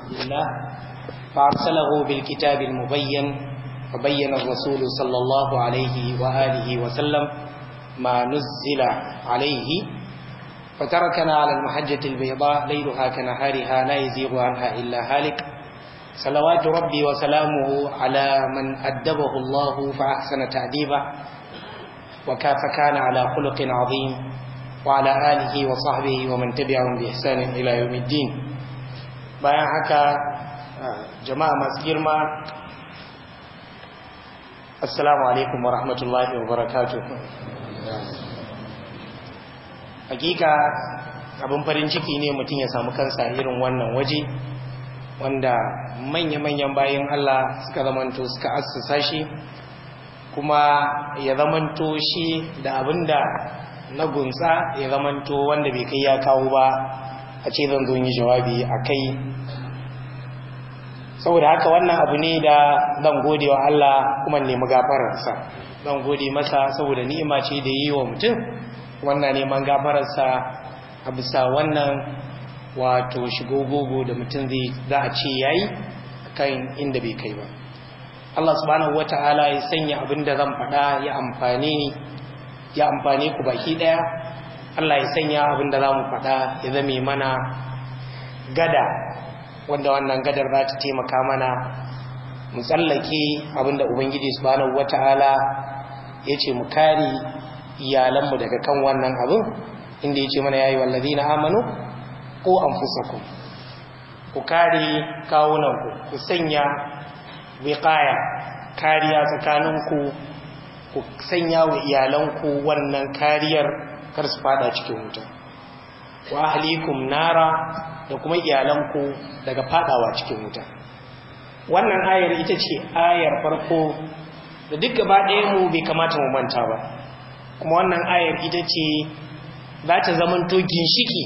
عبد الله فأرسله بالكتاب المبين فبين الرسول صلى الله عليه وآله وسلم ما نزل عليه فتركنا على المحجة البيضاء ليلها كنهارها لا يزيغ عنها إلا هالك صلوات ربي وسلامه على من أدبه الله فأحسن تأديبه وكاف كان على خلق عظيم وعلى آله وصحبه ومن تبعهم بإحسان إلى يوم الدين bayan haka ah, jama'a masu girma assalamu alaikum wa rahmatullahi wa hakika abin farin ciki ne mutum ya samu kansa irin wannan waje wanda manya-manyan bayan Allah suka zamanto suka assasa shi kuma ya zamanto shi da abinda na gunsa ya zamanto wanda bai kai ya kawo ba a ce zan zo yi jawabi a kai saboda haka wannan abu ne da zan gode wa Allah kuma nemi gafararsa zan gode masa saboda ni'ima ce da yi wa mutum wannan neman gafararsa a bisa wannan wato shigo gogo da mutum zai za a ce yayi kan inda bai kai ba Allah subhanahu wata'ala ya sanya abin da zan faɗa ya amfane ya amfane ku baki ɗaya Allah ya sanya abin da za mu faɗa ya zame mana gada wanda wannan gadar za ta taimaka mana mu tsallake abin da ubangiji subhanahu wata'ala ya ce mu kare iyalanmu daga kan wannan abin inda ya ce mana ya wallazi na amanu ko an fusaku ku kare kawunanku ku sanya wiƙaya kariya tsakaninku ku sanya wa iyalanku wannan kariyar kar su fada cikin wuta wa ahlikum nara da kuma iyalanku daga fadawa cikin wuta wannan ayar ita ce ayar farko da duk gaba ɗaya mu bai kamata mu manta ba kuma wannan ayar ita ce za ta zamanto ginshiki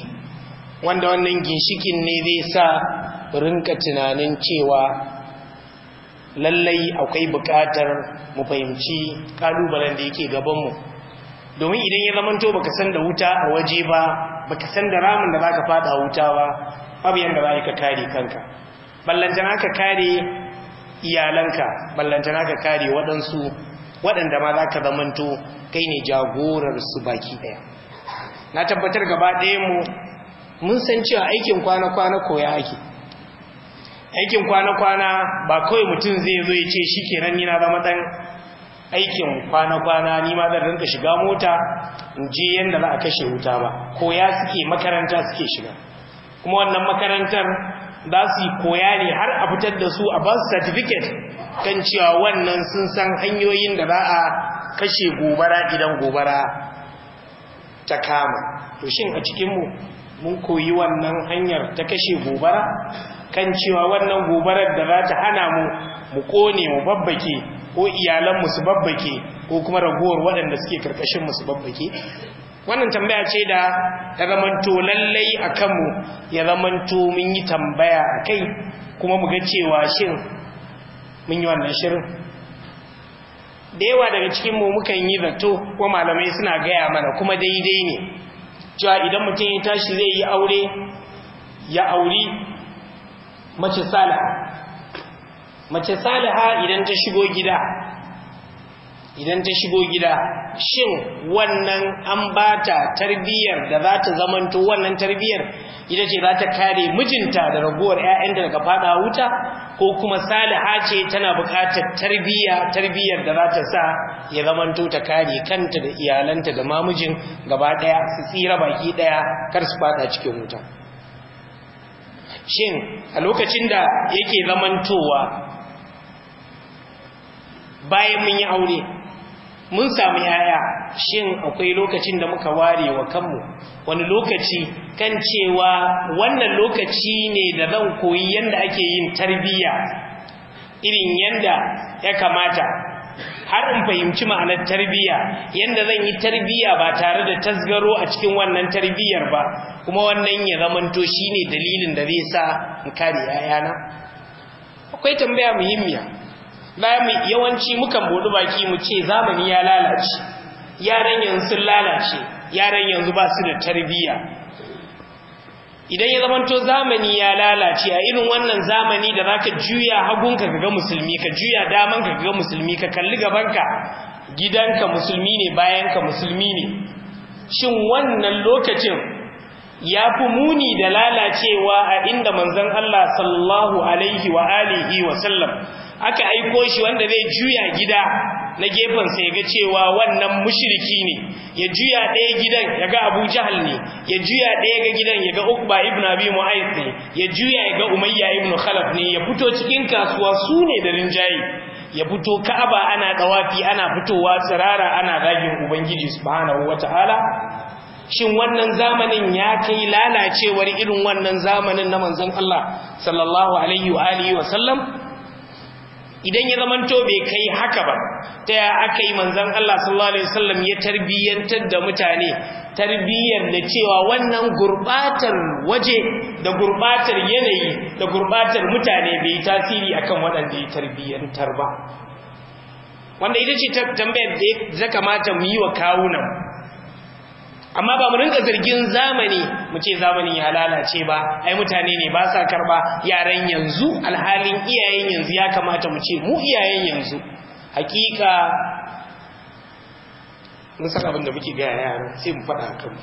wanda wannan ginshikin ne zai sa rinka tunanin cewa lallai akwai buƙatar mu fahimci ƙalubalen da yake gabanmu domin idan ya zamanto baka san da wuta a waje ba baka san da ramin da zaka fada a wuta ba babu yanda za ka kare kanka ballantana ka kare iyalanka ballantana ka kare waɗansu waɗanda ma zaka ka zamanto kai ne jagorar su baki ɗaya na tabbatar gaba ɗaya mu mun san cewa aikin kwana-kwana koya ake aikin kwana-kwana ba kawai mutum zai zo ya ce shi ni na zama ɗan aikin kwana-kwana ni ma zan rinka shiga mota in je yadda za a kashe wuta ba koya suke makaranta suke shiga kuma wannan makarantar za su yi koya ne har a fitar da su a ba su certificate kan cewa wannan sun san hanyoyin da za a kashe gobara idan gobara ta kama to shin a cikinmu mun koyi wannan hanyar ta kashe gobara kan cewa wannan gobarar da za ta hana mu mu kone mu babbake ko iyalanmu su babbake ko kuma ragowar waɗanda suke mu su babbake wannan tambaya ce da ta zamanto lallai a kanmu ya zamanto mun yi tambaya a kai kuma mu ga cewa shin mun yi wannan shirin da yawa daga cikinmu mukan yi zato ko malamai suna gaya mana kuma daidai ne cewa idan mutum ya tashi zai yi aure ya auri mace sala mace saliha idan ta shigo gida idan ta shigo gida shin wannan an bata tarbiyyar da za ta zamanto wannan tarbiyyar ita ce za ta kare mijinta da raguwar 'ya'yanta daga fada wuta ko kuma saliha ce tana buƙatar tarbiyya tarbiyyar da za ta sa ya zamanto ta kare kanta da iyalanta da mamijin gaba ɗaya su tsira baki ɗaya kar su fada cikin wuta shin a lokacin da yake zamantowa bayan mun yi aure mun samu yaya shin akwai lokacin da muka ware wa kanmu wani lokaci kan cewa wannan lokaci ne da zan koyi yadda ake yin tarbiyya irin yadda ya kamata har in fahimci ma'anar tarbiyya yadda zan yi tarbiyya ba tare da tasgaro a cikin wannan tarbiyyar ba kuma wannan ya zamanto shine dalilin da zai sa in kare yayana akwai tambaya muhimmiya zamu yawanci mukan bodi baki mu ce zamani ya lalace yaran yanzu sun lalace yaran yanzu ba su da tarbiyya idan ya zamanto zamani ya lalace a irin wannan zamani da zaka juya hagunka ga musulmi ka juya damanka kaga musulmi ka kalli gabanka gidanka musulmi ne bayanka musulmi ne shin wannan lokacin ya fi muni da lalacewa a inda manzon Allah sallallahu alaihi wa alihi wa sallam aka aiko shi wanda zai juya gida na gefen sai ga cewa wannan mushriki ne ya juya ɗaya gidan ya ga Abu Jahal ne ya juya ɗaya ga gidan ya ga Uqba ibn Abi Mu'ayth ne ya juya ya ga Umayya ibn Khalaf ne ya fito cikin kasuwa su ne da rinjaye ya fito Ka'aba ana dawafi ana fitowa tsirara ana gagin Ubangiji subhanahu wataala shin wannan zamanin ya kai lalacewar irin wannan zamanin na manzon Allah sallallahu alaihi wa alihi wa sallam idan ya zamanto bai kai haka ba ta ya aka yi manzan Allah sallallahu alaihi wasallam ya tarbiyyantar da mutane tarbiyyar da cewa wannan gurbatar waje da gurbatar yanayi da gurbatar mutane bai tasiri akan waɗanda ya tarbiyyantar ba wanda ita ce tambayar da ya kamata mu yi wa kawunan amma ba mu rinka zargin zamani mu ce zamani ya lalace ba ai mutane ne ba sa karba yaran yanzu alhalin iyayen yanzu ya kamata mu ce mu iyayen yanzu hakika mun san abin da muke ga yaran sai mu faɗa kan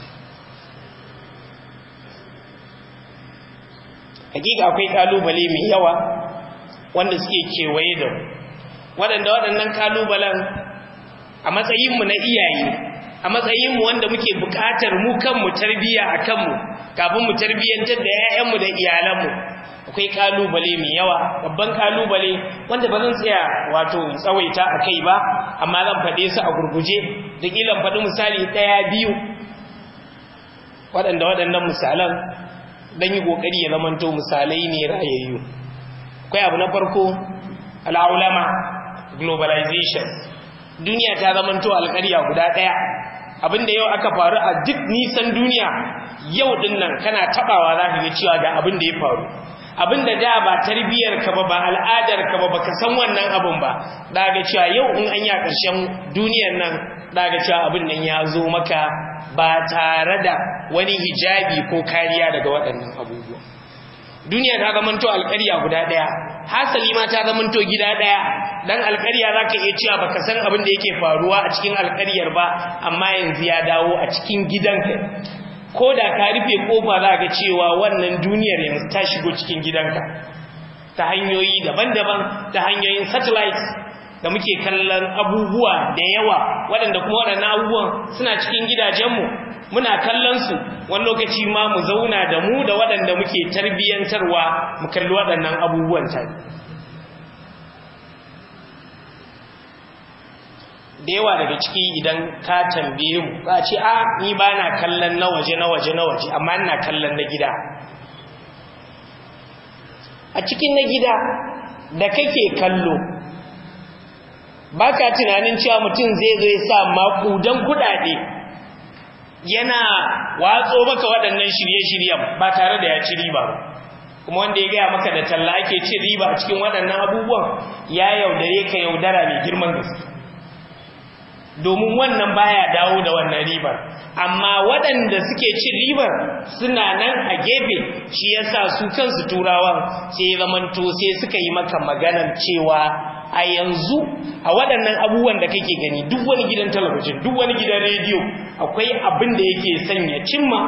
hakika akwai kalubale mai yawa wanda suke kewaye da waɗanda waɗannan kalubalen a matsayinmu na iyaye a matsayinmu wanda muke buƙatar mu kanmu tarbiya a kanmu kafin mu tarbiyyantar da mu da iyalanmu akwai kalubale mai yawa babban kalubale wanda ba zan tsaya wato tsawaita a kai ba amma zan faɗe su a gurguje da ƙilan faɗi misali ɗaya biyu waɗanda waɗannan misalan don yi ƙoƙari ya zamanto misalai ne ra'ayoyi. akwai abu na farko al'aulama globalization duniya ta zamanto alƙarya guda ɗaya abin da yau aka faru a duk nisan duniya yau din nan kana tabawa za ka ga cewa ga abin da ya faru abin da da ba tarbiyar ka ba ba al'adar ka ba baka san wannan abin ba da cewa yau in an ya karshen duniyar nan da ga cewa abin nan ya zo maka ba tare da wani hijabi ko kariya daga waɗannan abubuwa duniya ta zamanto alƙarya guda ɗaya hasali ma ta zamanto gida ɗaya dan alƙarya zaka iya cewa baka san abin da yake faruwa a cikin alƙaryar ba amma yanzu ya dawo a cikin gidanka ko da ka rufe kofa za ga cewa wannan duniyar yanzu ta shigo cikin gidanka ta hanyoyi daban-daban ta hanyoyin satellites da muke kallon abubuwa da yawa waɗanda kuma waɗannan abubuwan suna cikin gidajenmu muna kallon su wani lokaci ma mu zauna da mu da waɗanda muke tarbiyyantarwa mu kalli waɗannan abubuwan tare da yawa daga ciki idan ka tambaye mu ba ce a ni ba na kallon na waje na waje na waje amma ina kallon na gida a cikin na gida da kake kallo ba ka tunanin cewa mutum zai zo ya sa makudan kuɗaɗe yana watso maka waɗannan shirye-shiryen ba tare da ya ci riba kuma wanda ya gaya maka da talla ake ci riba a cikin waɗannan abubuwan ya yaudare ka yaudara mai girman gaske domin wannan baya dawo da wannan ribar amma waɗanda suke cin ribar suna nan a gefe shi yasa su kansu turawan sai zamanto sai suka yi maka maganar cewa a yanzu a waɗannan abubuwan da kake gani duk wani gidan talabijin duk wani gidan rediyo akwai abin da yake sanya cimma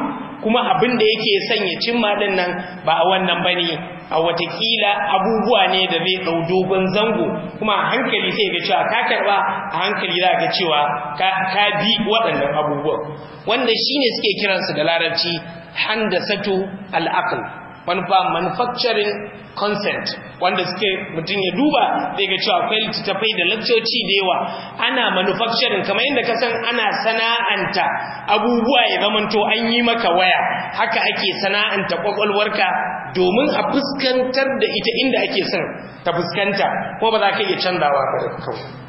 kuma abin da yake sanya cimma din nan ba a wannan bane a watakila abubuwa ne da zai ɗau dogon zango kuma a hankali sai ga cewa ka karɓa a hankali za ga cewa ka bi waɗannan abubuwan wanda shine suke kiransu da larabci handasatu al'aql manufa manufacturing consent wanda suke mutum ya duba ya ga cewa akwai littattafai da lakcoci da yawa ana manufacturing kamar yadda ka san ana sana'anta abubuwa ya to an yi maka waya haka ake sana'anta kwakwalwarka domin a fuskantar da ita inda ake son ta fuskanta ko ba za ka iya canzawa ka kawai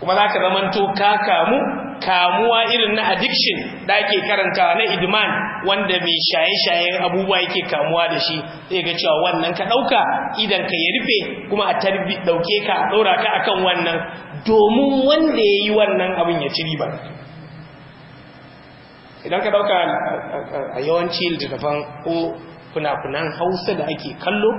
kuma za ka zamanto ka kamu kamuwa irin na addiction da ake karantawa na idman wanda mai shaye-shayen abubuwa yake kamuwa da shi zai ga cewa wannan ka ɗauka idan ka ya rufe kuma a tarbi ɗauke ka a ɗora ka akan wannan domin wanda ya yi wannan abin ya ci riba idan ka ɗauka a yawanci littattafan ko fina-finan hausa da ake kallo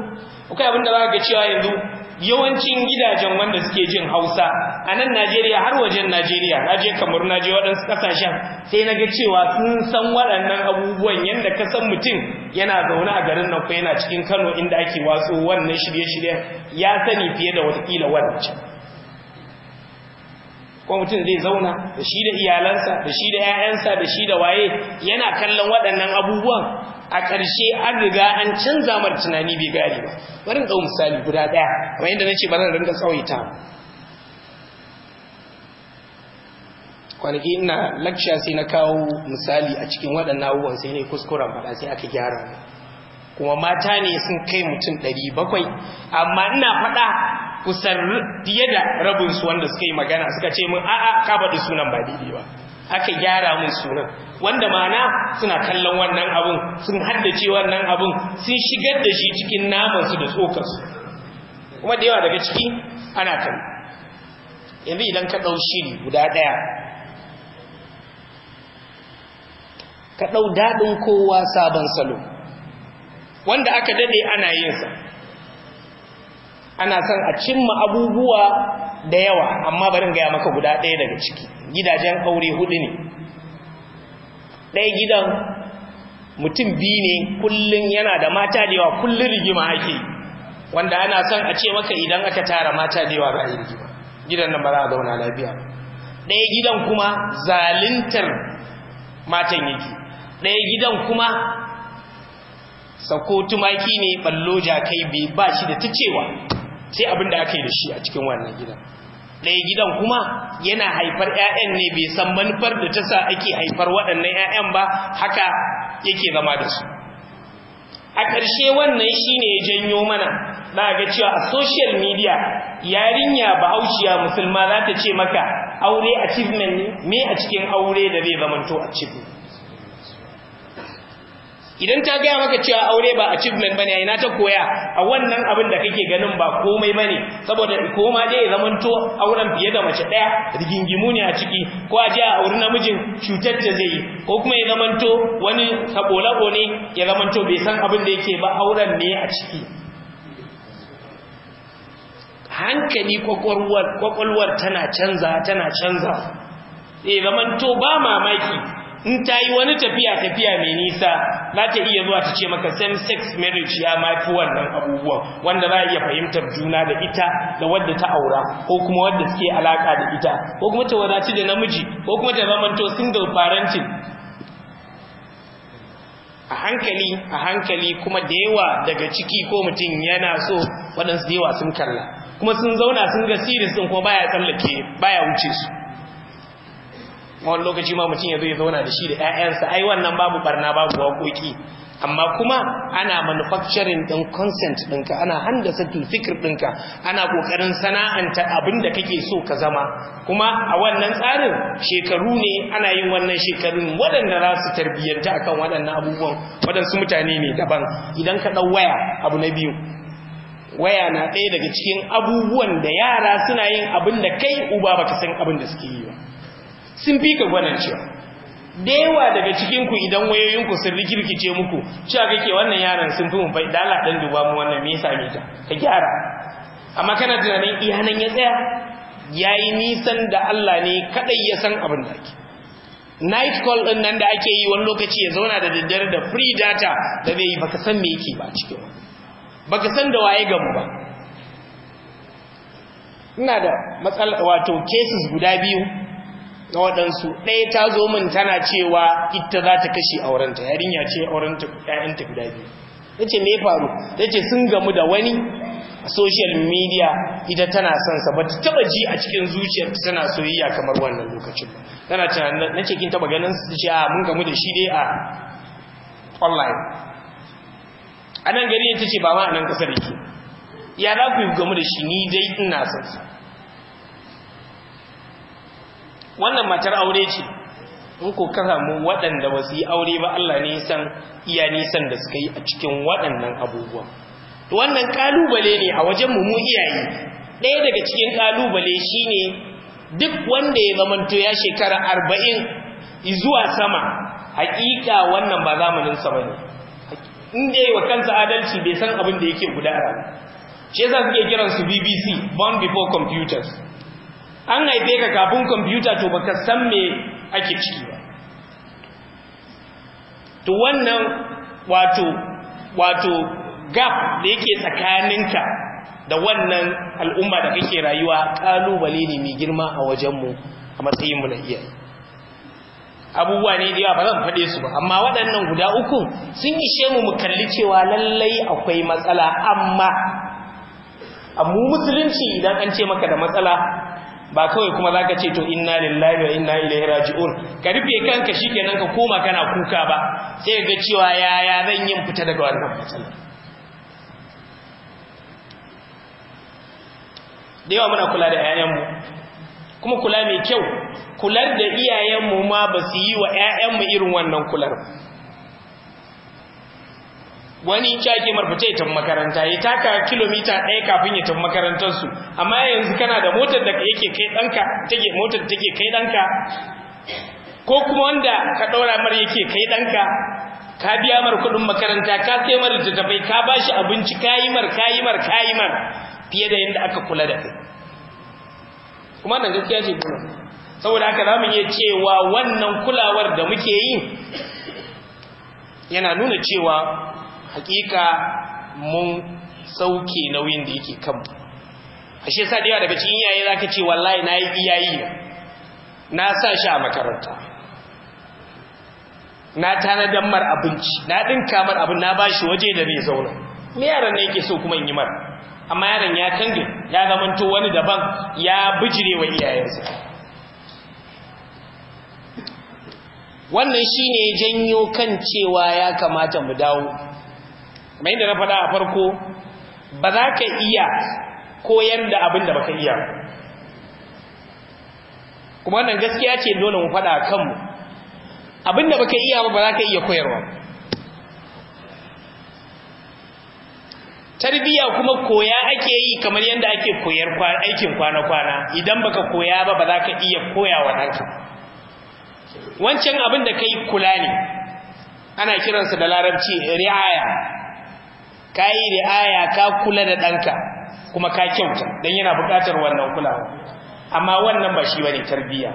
akwai abin da za ga cewa yanzu yawancin gidajen wanda suke jin hausa a nan najeriya har wajen najeriya na je kamar na je waɗansu ƙasashen sai na ga cewa sun san waɗannan abubuwan yadda ka san mutum yana zaune a garin nan ko yana cikin kano inda ake watsu wannan shirye-shiryen ya sani fiye da watakila wancan ko mutum zai zauna da shi da iyalansa da shi da 'ya'yansa da shi da waye yana kallon waɗannan abubuwan a ƙarshe an riga an canza mar tunani bai gari ba bari ɗau misali guda ɗaya kamar yadda na ce ba zan rinka tsawaita kwanaki ina lakciya sai na kawo misali a cikin waɗannan abubuwan sai ne kuskuren faɗa sai aka gyara kuma mata ne sun kai mutum ɗari bakwai amma ina faɗa kusan fiye da rabinsu wanda suka yi magana suka ce min a'a ka faɗi sunan ba daidai ba aka gyara mun sunan wanda mana suna kallon wannan abun sun haddace wannan abun sun shigar da shi cikin namansu da tsokarsu kuma da yawa daga ciki ana kan yanzu idan ka ɗau shiri guda ɗaya ka ɗau daɗin kowa sabon salo wanda aka daɗe ana yinsa ana san a cimma abubuwa da yawa amma barin gaya maka guda ɗaya daga ciki gidajen aure hudu ne ɗaya gidan mutum biyu ne kullum yana da mata da yawa kullum rigima ake wanda ana son a ce maka idan aka tara mata da yawa za a yi rigima gidan nan ba za a zauna lafiya ɗaya gidan kuma zalintar matan yake ɗaya gidan kuma sako tumaki ne ballo jakai bai ba shi da ta cewa sai abin da aka yi da shi a cikin wannan gidan ɗaya gidan kuma yana haifar 'ya'yan ne bai san manufar da ta sa ake haifar waɗannan 'ya'yan ba haka yake zama da su a ƙarshe wannan shine ya janyo mana za ga cewa a social media yarinya bahaushiya musulma za ta ce maka aure achievement ne me a cikin aure da zai zamanto achievement idan ta gaya maka cewa aure ba achievement bane ina ta koya a wannan abin da kake ganin ba komai bane saboda koma dai ya zamanto auren fiye da mace daya rigingimu ne a ciki ko a ji a auri namijin cutar ta zai yi ko kuma ya zamanto wani sabolabo ne ya zamanto bai san abin da yake ba auren ne a ciki hankali kwakwalwar tana canza tana canza eh zamanto ba mamaki in ta yi wani tafiya tafiya mai nisa za ta iya zuwa ta ce maka same sex marriage ya mafi wannan abubuwan wanda za a iya fahimtar juna da ita da wadda ta aura ko kuma wadda suke alaka da ita ko kuma ta wadaci da namiji ko kuma ta zamanto single parenting a hankali a hankali kuma da yawa daga ciki ko mutum yana so waɗansu da yawa sun kalla kuma sun zauna sun ga series kuma baya tsallake baya wuce su wani lokaci ma mutum ya zo ya zauna da shi da 'ya'yansa ai wannan babu barna babu waƙoƙi amma kuma ana manufacturing din consent ɗinka ana handasa tufikir ɗinka ana ƙoƙarin sana'anta abin da kake so ka zama kuma a wannan tsarin shekaru ne ana yin wannan shekarun waɗanda za su tarbiyyanta akan waɗannan abubuwan waɗansu mutane ne daban idan ka ɗau waya abu na biyu waya na ɗaya daga cikin abubuwan da yara suna yin abin da kai uba baka san abin da suke yi ba sun fi ka cewa da yawa daga cikinku idan wayoyinku sun rikirkice muku cewa kake wannan yaran sun fi mu bai da Allah dan duba mu wannan me yasa ta, ka gyara amma kana tunanin iyanan ya tsaya ya yi nisan da Allah ne kadai ya san abin da ake night call ɗin nan da ake yi wani lokaci ya zauna da daddare da free data da bai yi baka san me yake ba cikin baka san da waye gamu ba ina da matsala wato cases guda biyu na waɗansu ɗaya ta zo min tana cewa ita za ta kashe aurenta yarinya ce aurenta ƴaƴanta guda biyu ta ce me faru ta ce sun gamu da wani a social media ita tana son sa ba ta taɓa ji a cikin zuciyar ta tana soyayya kamar wannan lokacin ba tana tunanin na ce kin taɓa ganin su ce a mun gamu da shi dai a online a nan gari ta ce ba ma a nan yake ya za ku yi gamu da shi ni dai ina son sa wannan matar aure ce in ko ka samu waɗanda ba su yi aure ba Allah ne san iya nisan da suka yi a cikin waɗannan abubuwa wannan kalubale ne a wajen mu mu iyaye ɗaya daga cikin kalubale shine duk wanda ya zamanto ya shekara arba'in zuwa sama hakika wannan ba zamanin sa ne in dai wa kansa adalci bai san abin da yake gudana shi yasa suke kiransu bbc born before computers an haife ka kafin kwamfuta to baka san me ake ciki ba to wannan wato wato gap da yake tsakaninka da wannan al'umma da kake rayuwa kalubale ne mai girma a wajenmu a matsayinmu na iya. abubuwa ne da yawa ba zan faɗe su ba amma waɗannan guda uku sun ishe mu mu kalli cewa lallai akwai matsala amma mu musulunci idan an ce maka da matsala ba kawai kuma zaka ce to inna lillahi wa inna ilaihi raji'un ka rufe kanka shikenan ka koma kana kuka ba sai ga cewa yaya zan yin fita daga wannan da yawa muna kula da 'ya'yanmu kuma kula mai kyau kular da iyayenmu ma ba su yi wa 'ya'yanmu irin wannan kular ba wani ci ake marfata ya tafi makaranta ya taka kilomita ɗaya kafin ya tafi makarantarsu amma yanzu kana da motar da yake kai ɗanka take motar take kai ɗanka ko kuma wanda ka ɗaura mar yake kai ɗanka ka biya mar kuɗin makaranta ka sai mar tafai, ka ba shi abinci ka yi mar ka yi mar ka yi mar fiye da yadda aka kula da kai kuma nan gaskiya ce kuma saboda haka za mu iya cewa wannan kulawar da muke yi yana nuna cewa hakika mun sauke nauyin da yake kanmu ashe sa da yawa daga cikin iyaye za ka ce wallahi na yi iyayi na sa shi a makaranta na tanadar mar abinci na ɗinka mar abin na bashi waje da bai zauna me yaran ne yake so kuma in yi mar amma yaran ya kange ya zamanto wani daban ya bijire wa iyayensa wannan shine janyo kan cewa ya kamata mu dawo kuma inda na faɗa a farko ba za ka iya koyar da abin da baka iya kuma wannan gaskiya ce dole mu faɗa a kanmu abin da baka iya ba ba za ka iya koyarwa tarbiya kuma koya ake yi kamar yadda ake koyar aikin kwana-kwana idan baka koya ba ba za ka iya koyawa ɗanka wancan abin da ka yi kula ne ana kiransa da larabci ri'aya ka yi ri'aya ka kula da ɗanka kuma ka kyauta don yana buƙatar wannan kulawa amma wannan ba shi bane tarbiyya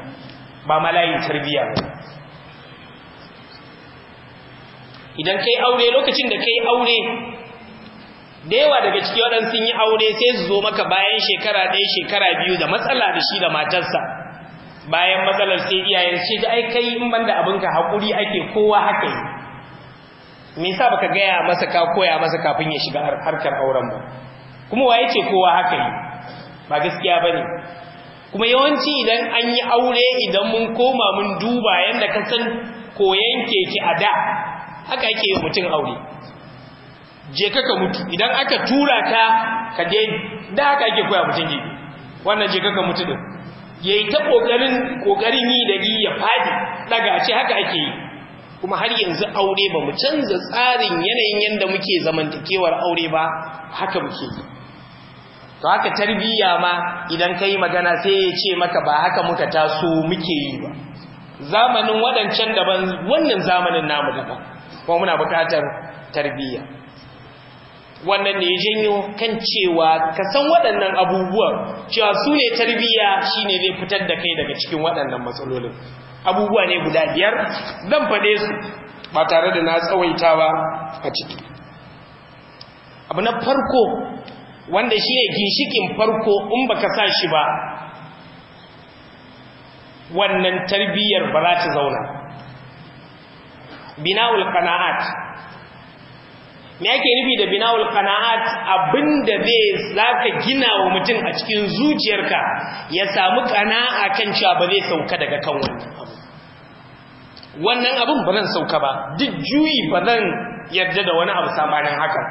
ba malayin tarbiyya ba idan kai aure lokacin da kai aure da yawa daga ciki waɗansu sun yi aure sai su zo maka bayan shekara ɗaya shekara biyu da matsala da shi da matarsa bayan matsalar sai iyayen shi da ai kai in banda abinka haƙuri ake kowa haka yi me yasa baka gaya masa ka koya masa kafin ya shiga harkar auren ba kuma waye ce kowa haka ne ba gaskiya bane kuma yawanci idan an yi aure idan mun koma mun duba yadda ka san koyan keke a da haka yake yi mutum aure je ka ka mutu idan aka tura ka ka je da haka yake koya mutum ji wannan je ka ka mutu din yayi ta kokarin kokarin yi da yi ya fadi daga ce haka ake yi kuma har yanzu aure ba mu canza tsarin yanayin yadda muke zamantakewar aure ba haka muke yi to haka tarbiyya ma idan ka yi magana sai ya ce maka ba haka muka taso muke yi ba zamanin waɗancan daban wannan zamanin namu daban kuma muna buƙatar tarbiyya wannan ne janyo kan cewa ka san waɗannan abubuwan cewa su ne tarbiyya ne zai fitar da kai daga cikin waɗannan matsalolin abubuwa ne guda biyar zan faɗe su ba tare da na tsawaita ba a ciki abu na farko wanda shi ne ginshikin farko in ba ka sa shi ba wannan tarbiyyar ba za ta zauna bina'ul qana'at me ake nufi da binawul qana'at abinda zai zaka gina wa mutum a cikin zuciyarka ya samu qana'a kan cewa ba zai sauka daga kan wannan abu wannan abin ba zan sauka ba duk juyi ba zan yarda da wani abu sabanin haka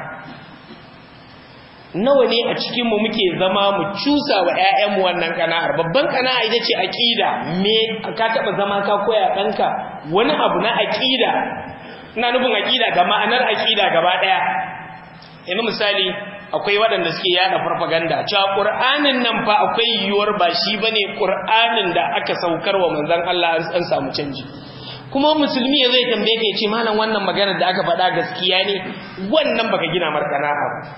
nawa ne a cikin mu muke zama mu cusa wa ƴaƴanmu wannan kana'ar babban kana'a ita ce aqida me ka taba zama ka koya danka wani abu na aqida ina nufin aƙida ga ma'anar aƙida gaba ɗaya yanzu misali akwai waɗanda suke yada farfaganda cewa ƙur'anin nan fa akwai yiwuwar ba shi ba ne ƙur'anin da aka saukar wa manzan Allah an samu canji kuma musulmi ya zai tambaye ka ce malam wannan maganar da aka faɗa gaskiya ne wannan baka gina mar ba.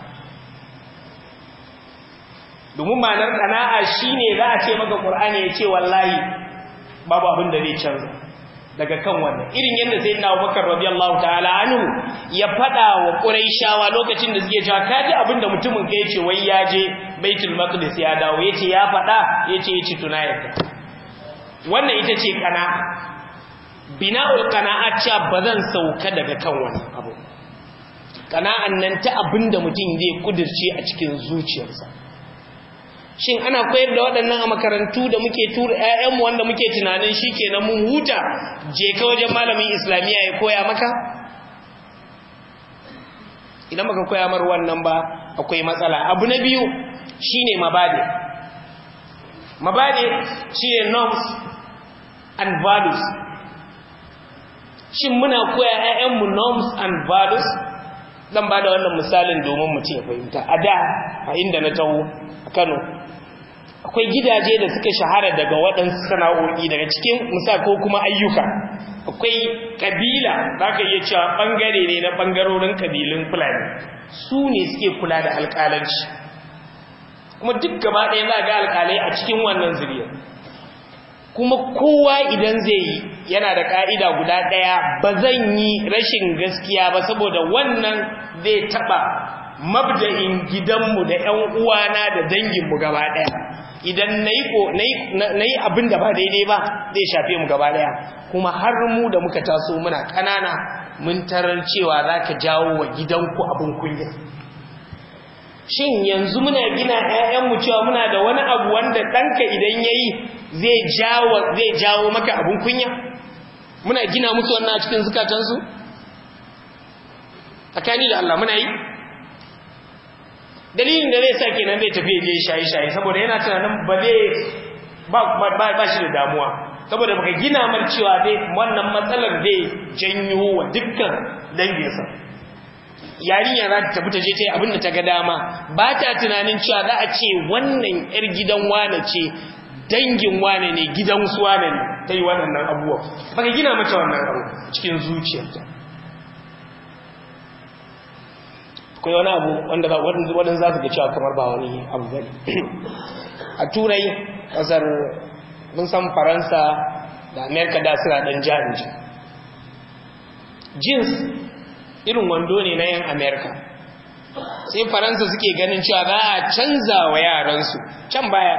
domin ma'anar ƙana'a shine za a ce maka ƙur'ani ya ce wallahi babu abin da zai canza daga kan wannan irin yadda sai na bakar radiyallahu ta'ala anhu ya faɗa wa ƙuraishawa lokacin da suke cewa kaji abin da mutumin kai yace wai ya je baitul maqdis ya dawo yace ya faɗa yace yace tuna yadda wannan ita ce kana bina'ul qana'a cha bazan sauka daga kan wani abu kana'an nan ta abin da mutum zai kudirce a cikin zuciyarsa shin ana koyar da waɗannan a makarantu da muke tura ƴaƴanmu wanda muke tunanin shi kenan mun huta je ka wajen malamin islamiyya ya koya maka idan baka koya mar wannan ba akwai matsala abu na biyu shine mabade mabade shine norms and values shin muna koya ƴaƴanmu norms and values zan ba da wannan misalin domin mu ya fahimta a da a inda na taho a kano akwai gidaje da suka shahara daga waɗansu sana'o'i daga cikin musa ko kuma ayyuka akwai ƙabila za ka iya cewa ɓangare ne na ɓangarorin ƙabilun fulani su ne suke kula da alƙalanci kuma duk gaba ɗaya za ga alƙalai a cikin wannan zuriyar kuma kowa idan zai yi yana da ka'ida guda ɗaya ba zan yi rashin gaskiya ba saboda wannan zai taɓa mabda'in gidanmu da 'yan uwana da danginmu gaba ɗaya idan na yi abin da ba daidai ba zai shafe mu gaba ɗaya kuma har mu da muka taso muna ƙanana mun tarar cewa za ka jawo wa gidanku abin kunya shin yanzu muna gina 'ya'yanmu cewa muna da wani abu wanda ɗanka idan ya yi zai jawo maka abin kunya muna gina musu wannan a cikin zukatansu tsakani da Allah muna yi dalilin da zai sa kenan zai tafi je shayi shayi saboda yana tunanin ba zai ba shi da damuwa saboda baka gina mar cewa zai wannan matsalar zai janyo wa dukkan danginsa yarinya za ta tafi ta je ta yi abin da ta ga dama ba ta tunanin cewa za a ce wannan yar gidan wane ce dangin wane ne gidan su wane ne ta yi waɗannan abubuwa ka gina mace wannan abu cikin zuciyarta akwai wani abu wanda za su ga cewa kamar ba wani abu zai a turai ƙasar mun san faransa da amerika da suna ɗan jihar. jins irin wando ne na yan amerika sai faransa suke ganin cewa ba a canza wa yaransu can baya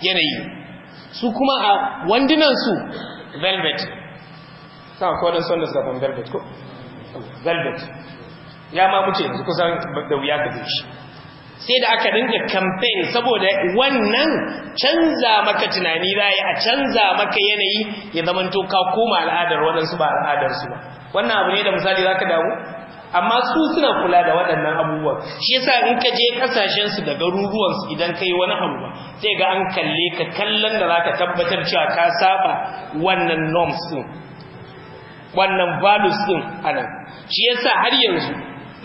yanayi su kuma a su velvet kan kodin son da zafin velvet ko? velvet ya ma mutu yanzu kusan da wuya ga shi sai da aka dinga campaign saboda wannan canza maka tunani za a canza maka yanayi ya zamanto ka koma al'adar waɗansu ba al'adarsu ba wannan abu ne da misali za ka damu amma su suna kula da waɗannan abubuwan shi yasa in ka je kasashen su da garuruwan su idan kai wani abu ba sai ga an kalle ka kallon da zaka tabbatar cewa ka saba wannan norms din wannan values din anan shi yasa har yanzu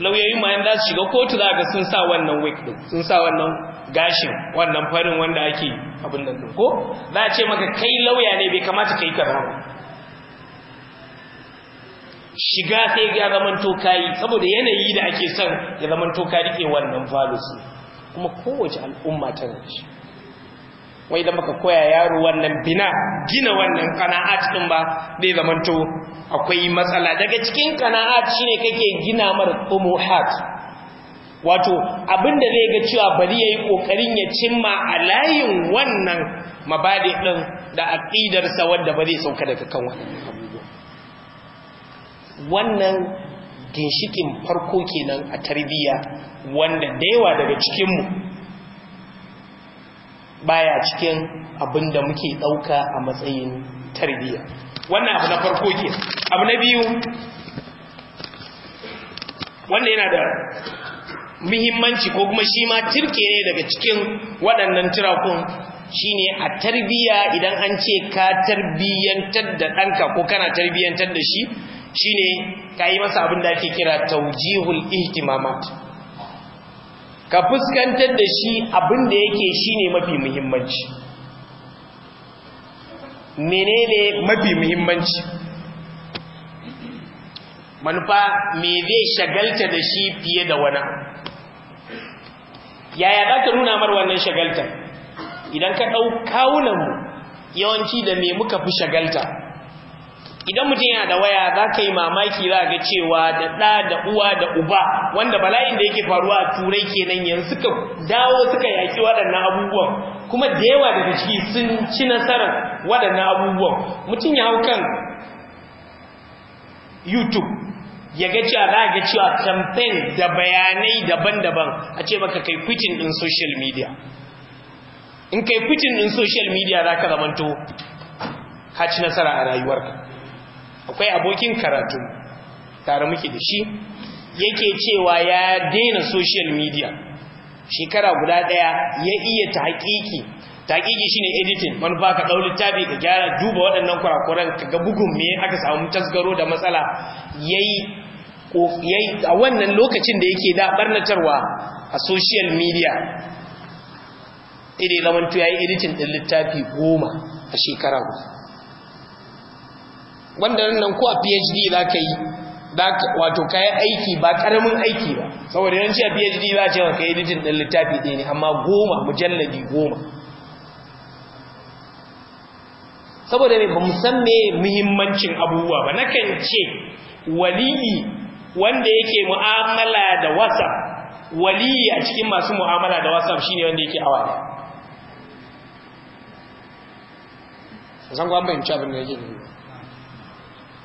lauyoyi ma yan su shiga kotu za ga sun sa wannan wig din sun sa wannan gashin wannan farin wanda ake abin nan ko za a ce maka kai lauya ne bai kamata kai kaza ba shiga sai ya zaman tokayi saboda yanayi da ake son ya zaman toka rike wannan falusi kuma kowace al'umma ta rashi wai da muka koya yaro wannan bina gina wannan kana'at ɗin ba zai zaman to akwai matsala daga cikin kana'a shine kake gina mar umuhat wato abinda zai ga cewa bari yayi kokarin ya cimma a layin wannan mabadi din da sa wanda ba zai sauka daga kan wannan wannan ginshikin farko kenan a tarbiyya wanda da yawa daga cikinmu baya cikin abin muke ɗauka a matsayin tarbiyya wannan abu na farko ke abu na biyu wanda yana da muhimmanci ko kuma shi ma turke ne daga cikin waɗannan turakun ne a tarbiyya idan an ce ka tarbiyyantar da ɗanka ko kana tarbiyyantar da shi shine ka yi masa abin da ake kira taujihul ihtimamat ka fuskantar da shi abin da yake shine mafi muhimmanci menene mafi muhimmanci manufa me zai shagalta da shi fiye da wani yaya za ka nuna mar wannan shagalta idan ka ɗau kawunanmu yawanci da me muka fi shagalta idan mutum yana da waya za ka yi mamaki za ga cewa da ɗa da uwa da uba wanda bala'in da yake faruwa a turai kenan yanzu suka dawo suka yaƙi waɗannan abubuwan kuma da yawa daga ciki sun ci nasarar waɗannan abubuwan mutum ya hau kan youtube ya ga cewa za ga cewa campaign da bayanai daban-daban a ce maka kai kwicin ɗin social media in kai kwicin ɗin social media za ka zamanto ka ci nasara a rayuwarka akwai abokin karatu tare muke da shi yake cewa ya daina social media shekara guda daya ya iya tahqiqi shi shine editing manufa ka ɗau littafi ka gyara duba waɗannan kurakuran ka ga bugun me aka samu tasgaro da matsala yayi yayi a wannan lokacin da yake da barnatarwa a social media idai zamantu to yayi editing din littafi goma a shekara guda wanda nan ko a phd za ka yi wato ka yi aiki ba karamin aiki ba saboda yanci a phd za a cewa ka yi ɗin littafi ɗaya ne amma goma mujallabi goma saboda mai ba san me muhimmancin abubuwa ba nakan ce waliyi wanda yake mu'amala da whatsapp waliyi a cikin masu mu'amala da whatsapp shine wanda yake awa ne. zan abin da yake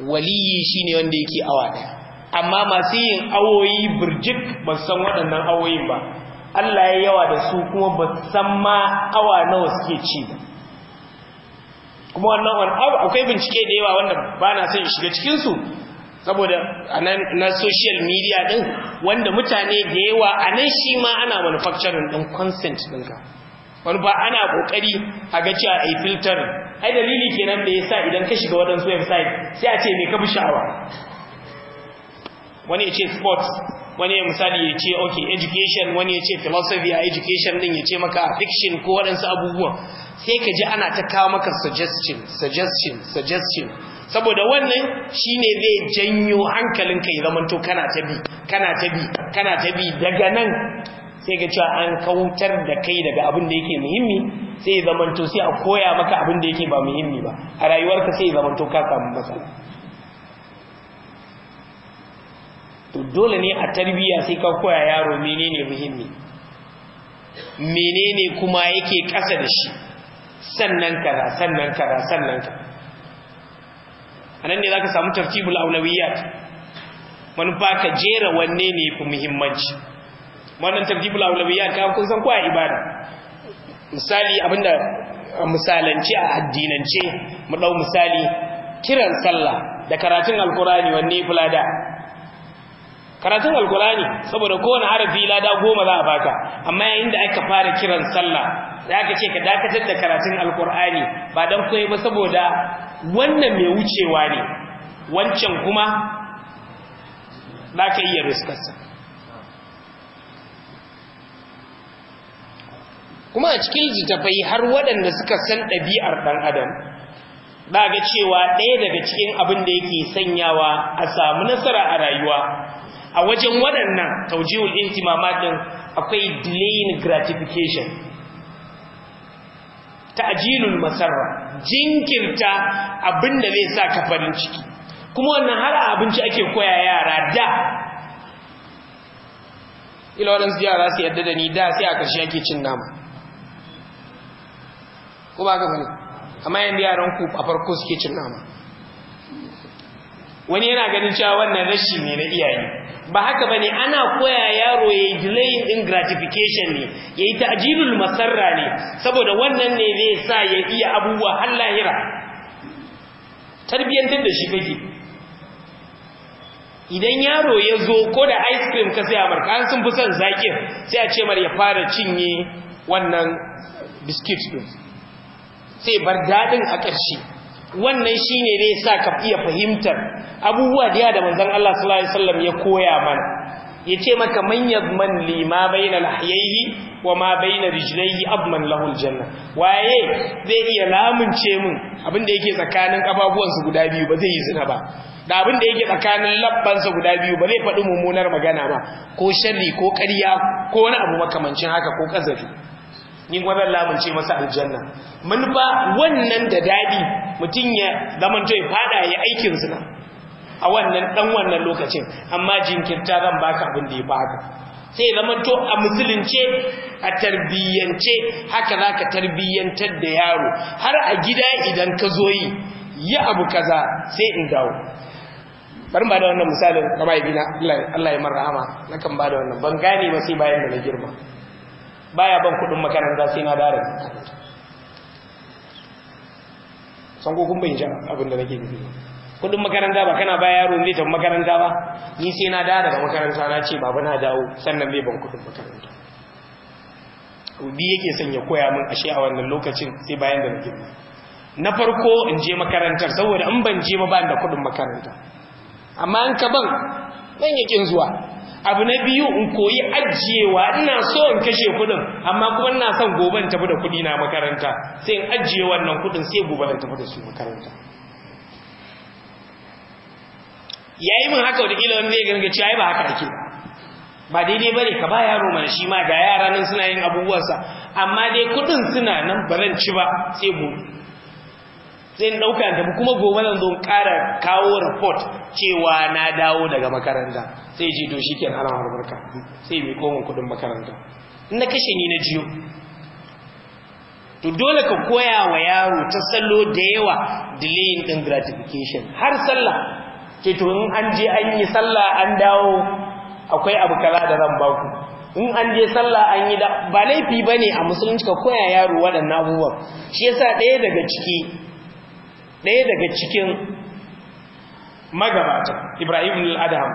waliyi shine wanda yake awa ɗaya, amma masu yin awoyi birjik ba san waɗannan awoyin ba Allah ya yawa da su kuma ba san ma awa nawa suke ci ba kuma wannan wani akwai bincike da yawa wanda ba na son shiga cikinsu saboda na social media din wanda mutane da yawa a nan shi ma ana manufacturing ɗin consent ɗinka wani ba ana kokari a ga cewa ai filtar, ai dalili kenan da ya sa idan ka shiga waɗansu website sai a ce me ka sha'awa wani ya ce sports wani ya misali ya ce ok education wani ya ce philosophy a education din ya ce maka fiction ko waɗansu abubuwa. sai ka ji ana ta kawo maka suggestion suggestion suggestion saboda wannan shine zai janyo hankalinka ya zamanto kana ta bi kana ta kana ta bi daga nan sai ga cewa an kautar da kai daga abin da yake muhimmi sai ya zamanto sai a koya maka abin da yake ba muhimmi ba a rayuwarka sai ya zamanto ka samu matsala to dole ne a tarbiyya sai ka koya yaro menene muhimmi menene kuma yake kasa da shi sannan kaza sannan kaza sannan ka anan ne zaka samu tartibul aulawiyat manufa ka jera wanne ne fi muhimmanci wannan tarjibul aulawiyya ka kun san ko a ibada misali abinda misalanci a addinance mu dau misali kiran sallah da karatun alqurani wanne fulada karatun alqurani saboda kowane harafi lada goma za a baka amma yayin da aka fara kiran sallah da aka ce ka dakatar da karatun alqurani ba dan koyi ba saboda wannan mai wucewa ne wancan kuma za ka iya riskarsa kuma a cikin littattafai har waɗanda suka san ɗabi'ar ɗan adam ga cewa ɗaya daga cikin abin da yake sanyawa a samu nasara a rayuwa a wajen waɗannan taujihul intima maɗin akwai delaying gratification ta'jilul masarra jinkirta abin da zai sa ka farin ciki kuma wannan har abinci ake koya yara da ila waɗansu yara su yadda da ni da sai a ƙarshe ake cin nama ko ba gaba amma yanzu yaran ku a farko suke cin nama wani yana ganin cewa wannan rashi ne na iyaye ba haka bane ana koya yaro ya yi delay din gratification ne ya yi ta'jilul masarra ne saboda wannan ne zai sa ya iya abubuwa har lahira tarbiyyantar da shi kake idan yaro ya zo ko da ice cream ka sai a sun fi son zakin sai a ce mar ya fara cinye wannan biskit din sai bar daɗin a ƙarshe wannan shi ne ne sa ka iya fahimtar abubuwa da ya da manzan Allah sallallahu Alaihi wasallam ya koya mana ya ce maka manyan man lima bai na lahayayi wa ma bai na abu abman lahul janna waye zai iya lamunce min abinda yake tsakanin ƙafafuwansu guda biyu ba zai yi zina ba da abin da yake tsakanin labbansa guda biyu ba zai faɗi mummunar magana ba ko sharri ko ƙarya ko wani abu makamancin haka ko ƙazafi ni kuma zan lamunce masa aljanna manufa wannan da dadi mutum ya zamanto ya fada ya aikin zina a wannan dan wannan lokacin amma jinkirta zan baka abin da ya baka sai zamanto a musulunce a tarbiyyance haka zaka tarbiyyantar da yaro har a gida idan ka zo yi yi abu kaza sai in dawo bari ba da wannan misalin ga ibina Allah ya marhama kan ba da wannan ban gane ba sai bayan da na girma baya ban kudin makaranta sai na dare san ko kun bayyana abin da nake nufi kudin makaranta ba kana baya yaro ne ta makaranta ba ni sai na dare da makaranta na ce baba na dawo sannan bai ban kudin makaranta bi yake son ya koya min ashe a wannan lokacin sai bayan da nake na farko in je makarantar saboda in ban je ba ba da kudin makaranta amma an ka ban zan yi kin zuwa abu na biyu in koyi ajiyewa ina so in kashe kudin amma kuma ina son gobe in tafi da kudi na makaranta sai in ajiye wannan kudin sai gobe in tafi da su makaranta yayi min haka da kila wanda ya ganga cewa ai ba haka ake ba daidai bane ka ba yaro mana shi ma ga yara nan suna yin abubuwansa amma dai kudin suna nan ci ba sai gobe sai ɗauka da kuma gobe zan zo ƙara kawo report cewa na dawo daga makaranta sai ji to shi kenan ana barka sai mai koma kuɗin makaranta in na kashe ni na jiyo to dole ka koya wa yaro ta salo da yawa delaying din gratification har sallah ke to in an je an yi sallah an dawo akwai abu kala da zan ba in an je sallah an yi da ba laifi bane a musulunci ka koya yaro waɗannan abubuwan shi yasa ɗaya daga ciki ɗaya daga cikin magabata ibrahim al'adam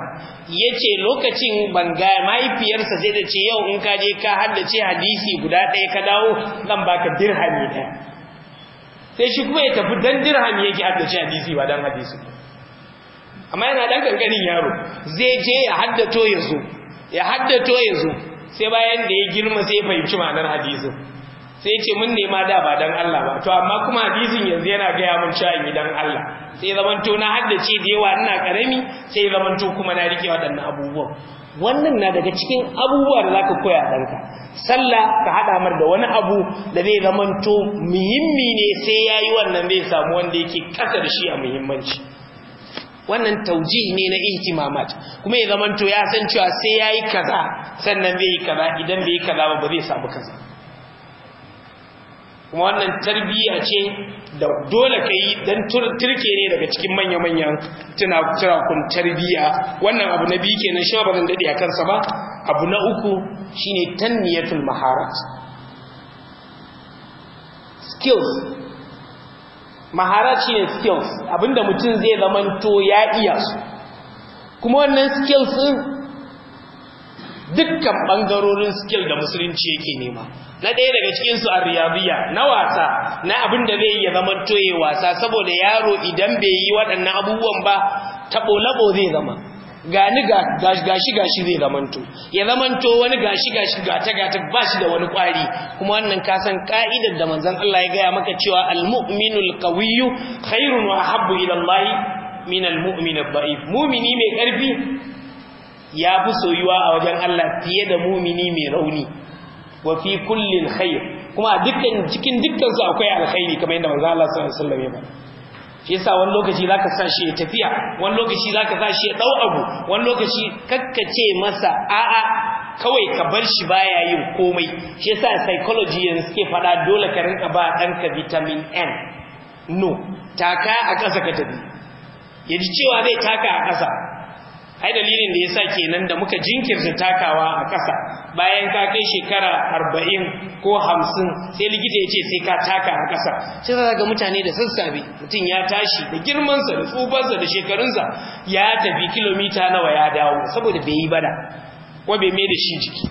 ya ce lokacin banga mahaifiyarsa zai da ce yau in kaje ka haddace hadisi guda ɗaya ka dawo zan baka dirhami ɗaya sai shi kuma ya tafi don dirhami yake haddace hadisi ba don hadisi amma yana ɗan ƙanƙanin yaro zai je ya haddato yanzu sai bayan da ya girma sai fahimci ma'anar hadisin sai ce mun nema da ba dan Allah ba to amma kuma hadisin yanzu yana gaya mun cewa in dan Allah sai to na haddace da yawa ina karami sai zamanto kuma na rike waɗannan abubuwan wannan na daga cikin abubuwan da zaka koya danka sallah ka hada mar da wani abu da zai to muhimmi ne sai yayi wannan zai samu wanda yake kasa da shi a muhimmanci wannan taujihi ne na ihtimamat kuma ya to ya san cewa sai yayi kaza sannan zai yi kaza idan bai yi kaza ba ba zai samu kaza kuma wannan tarbiyya ce da dole ka yi don turke ne daga cikin manya-manyan tunakun tarbiyya wannan abu na biyu kenan na sha daɗe a kansa ba abu na uku shine tanniyatul maharat skills maharat shine skills abinda mutum zai zamanto ya iya su kuma wannan skills din dukkan ɓangarorin skill da musulunci yake nema na ɗaya daga cikinsu a riyabiya na wasa na abin da zai ya zama toye wasa saboda yaro idan bai yi waɗannan abubuwan ba taɓo-laɓo zai zama gani gashi gashi zai zamanto ya zamanto wani gashi gashi gata gata ba shi da wani kwari kuma wannan kasan ka'idar da manzan Allah ya gaya maka cewa al-mu'minul qawiyyu khairun wa habbu ila Allah min al-mu'min al daif mu'mini mai karfi ya fi soyuwa a wajen Allah fiye da mumini mai rauni wa fi kullin khair kuma dukkan cikin dukkan su akwai alkhairi kamar yadda manzo Allah sallallahu alaihi wasallam ba shi yasa wani lokaci zaka sa shi ya tafiya wani lokaci zaka sa shi ya dau abu wani lokaci kakkace masa a'a kawai ka bar shi baya yin komai shi yasa psychology yanzu suke fada dole ka rinka ba ɗan ka vitamin N no taka a ƙasa ka tafi ya ji cewa zai taka a ƙasa ai dalilin da yasa kenan da muka jinkirta takawa a ƙasa bayan ka kai shekara arba'in ko hamsin sai likita ya ce sai ka taka a ƙasa sai za ga mutane da sassabe mutum ya tashi da girmansa da tsufansa da shekarunsa ya tafi kilomita nawa ya dawo saboda bai yi bada ko bai mai da shi jiki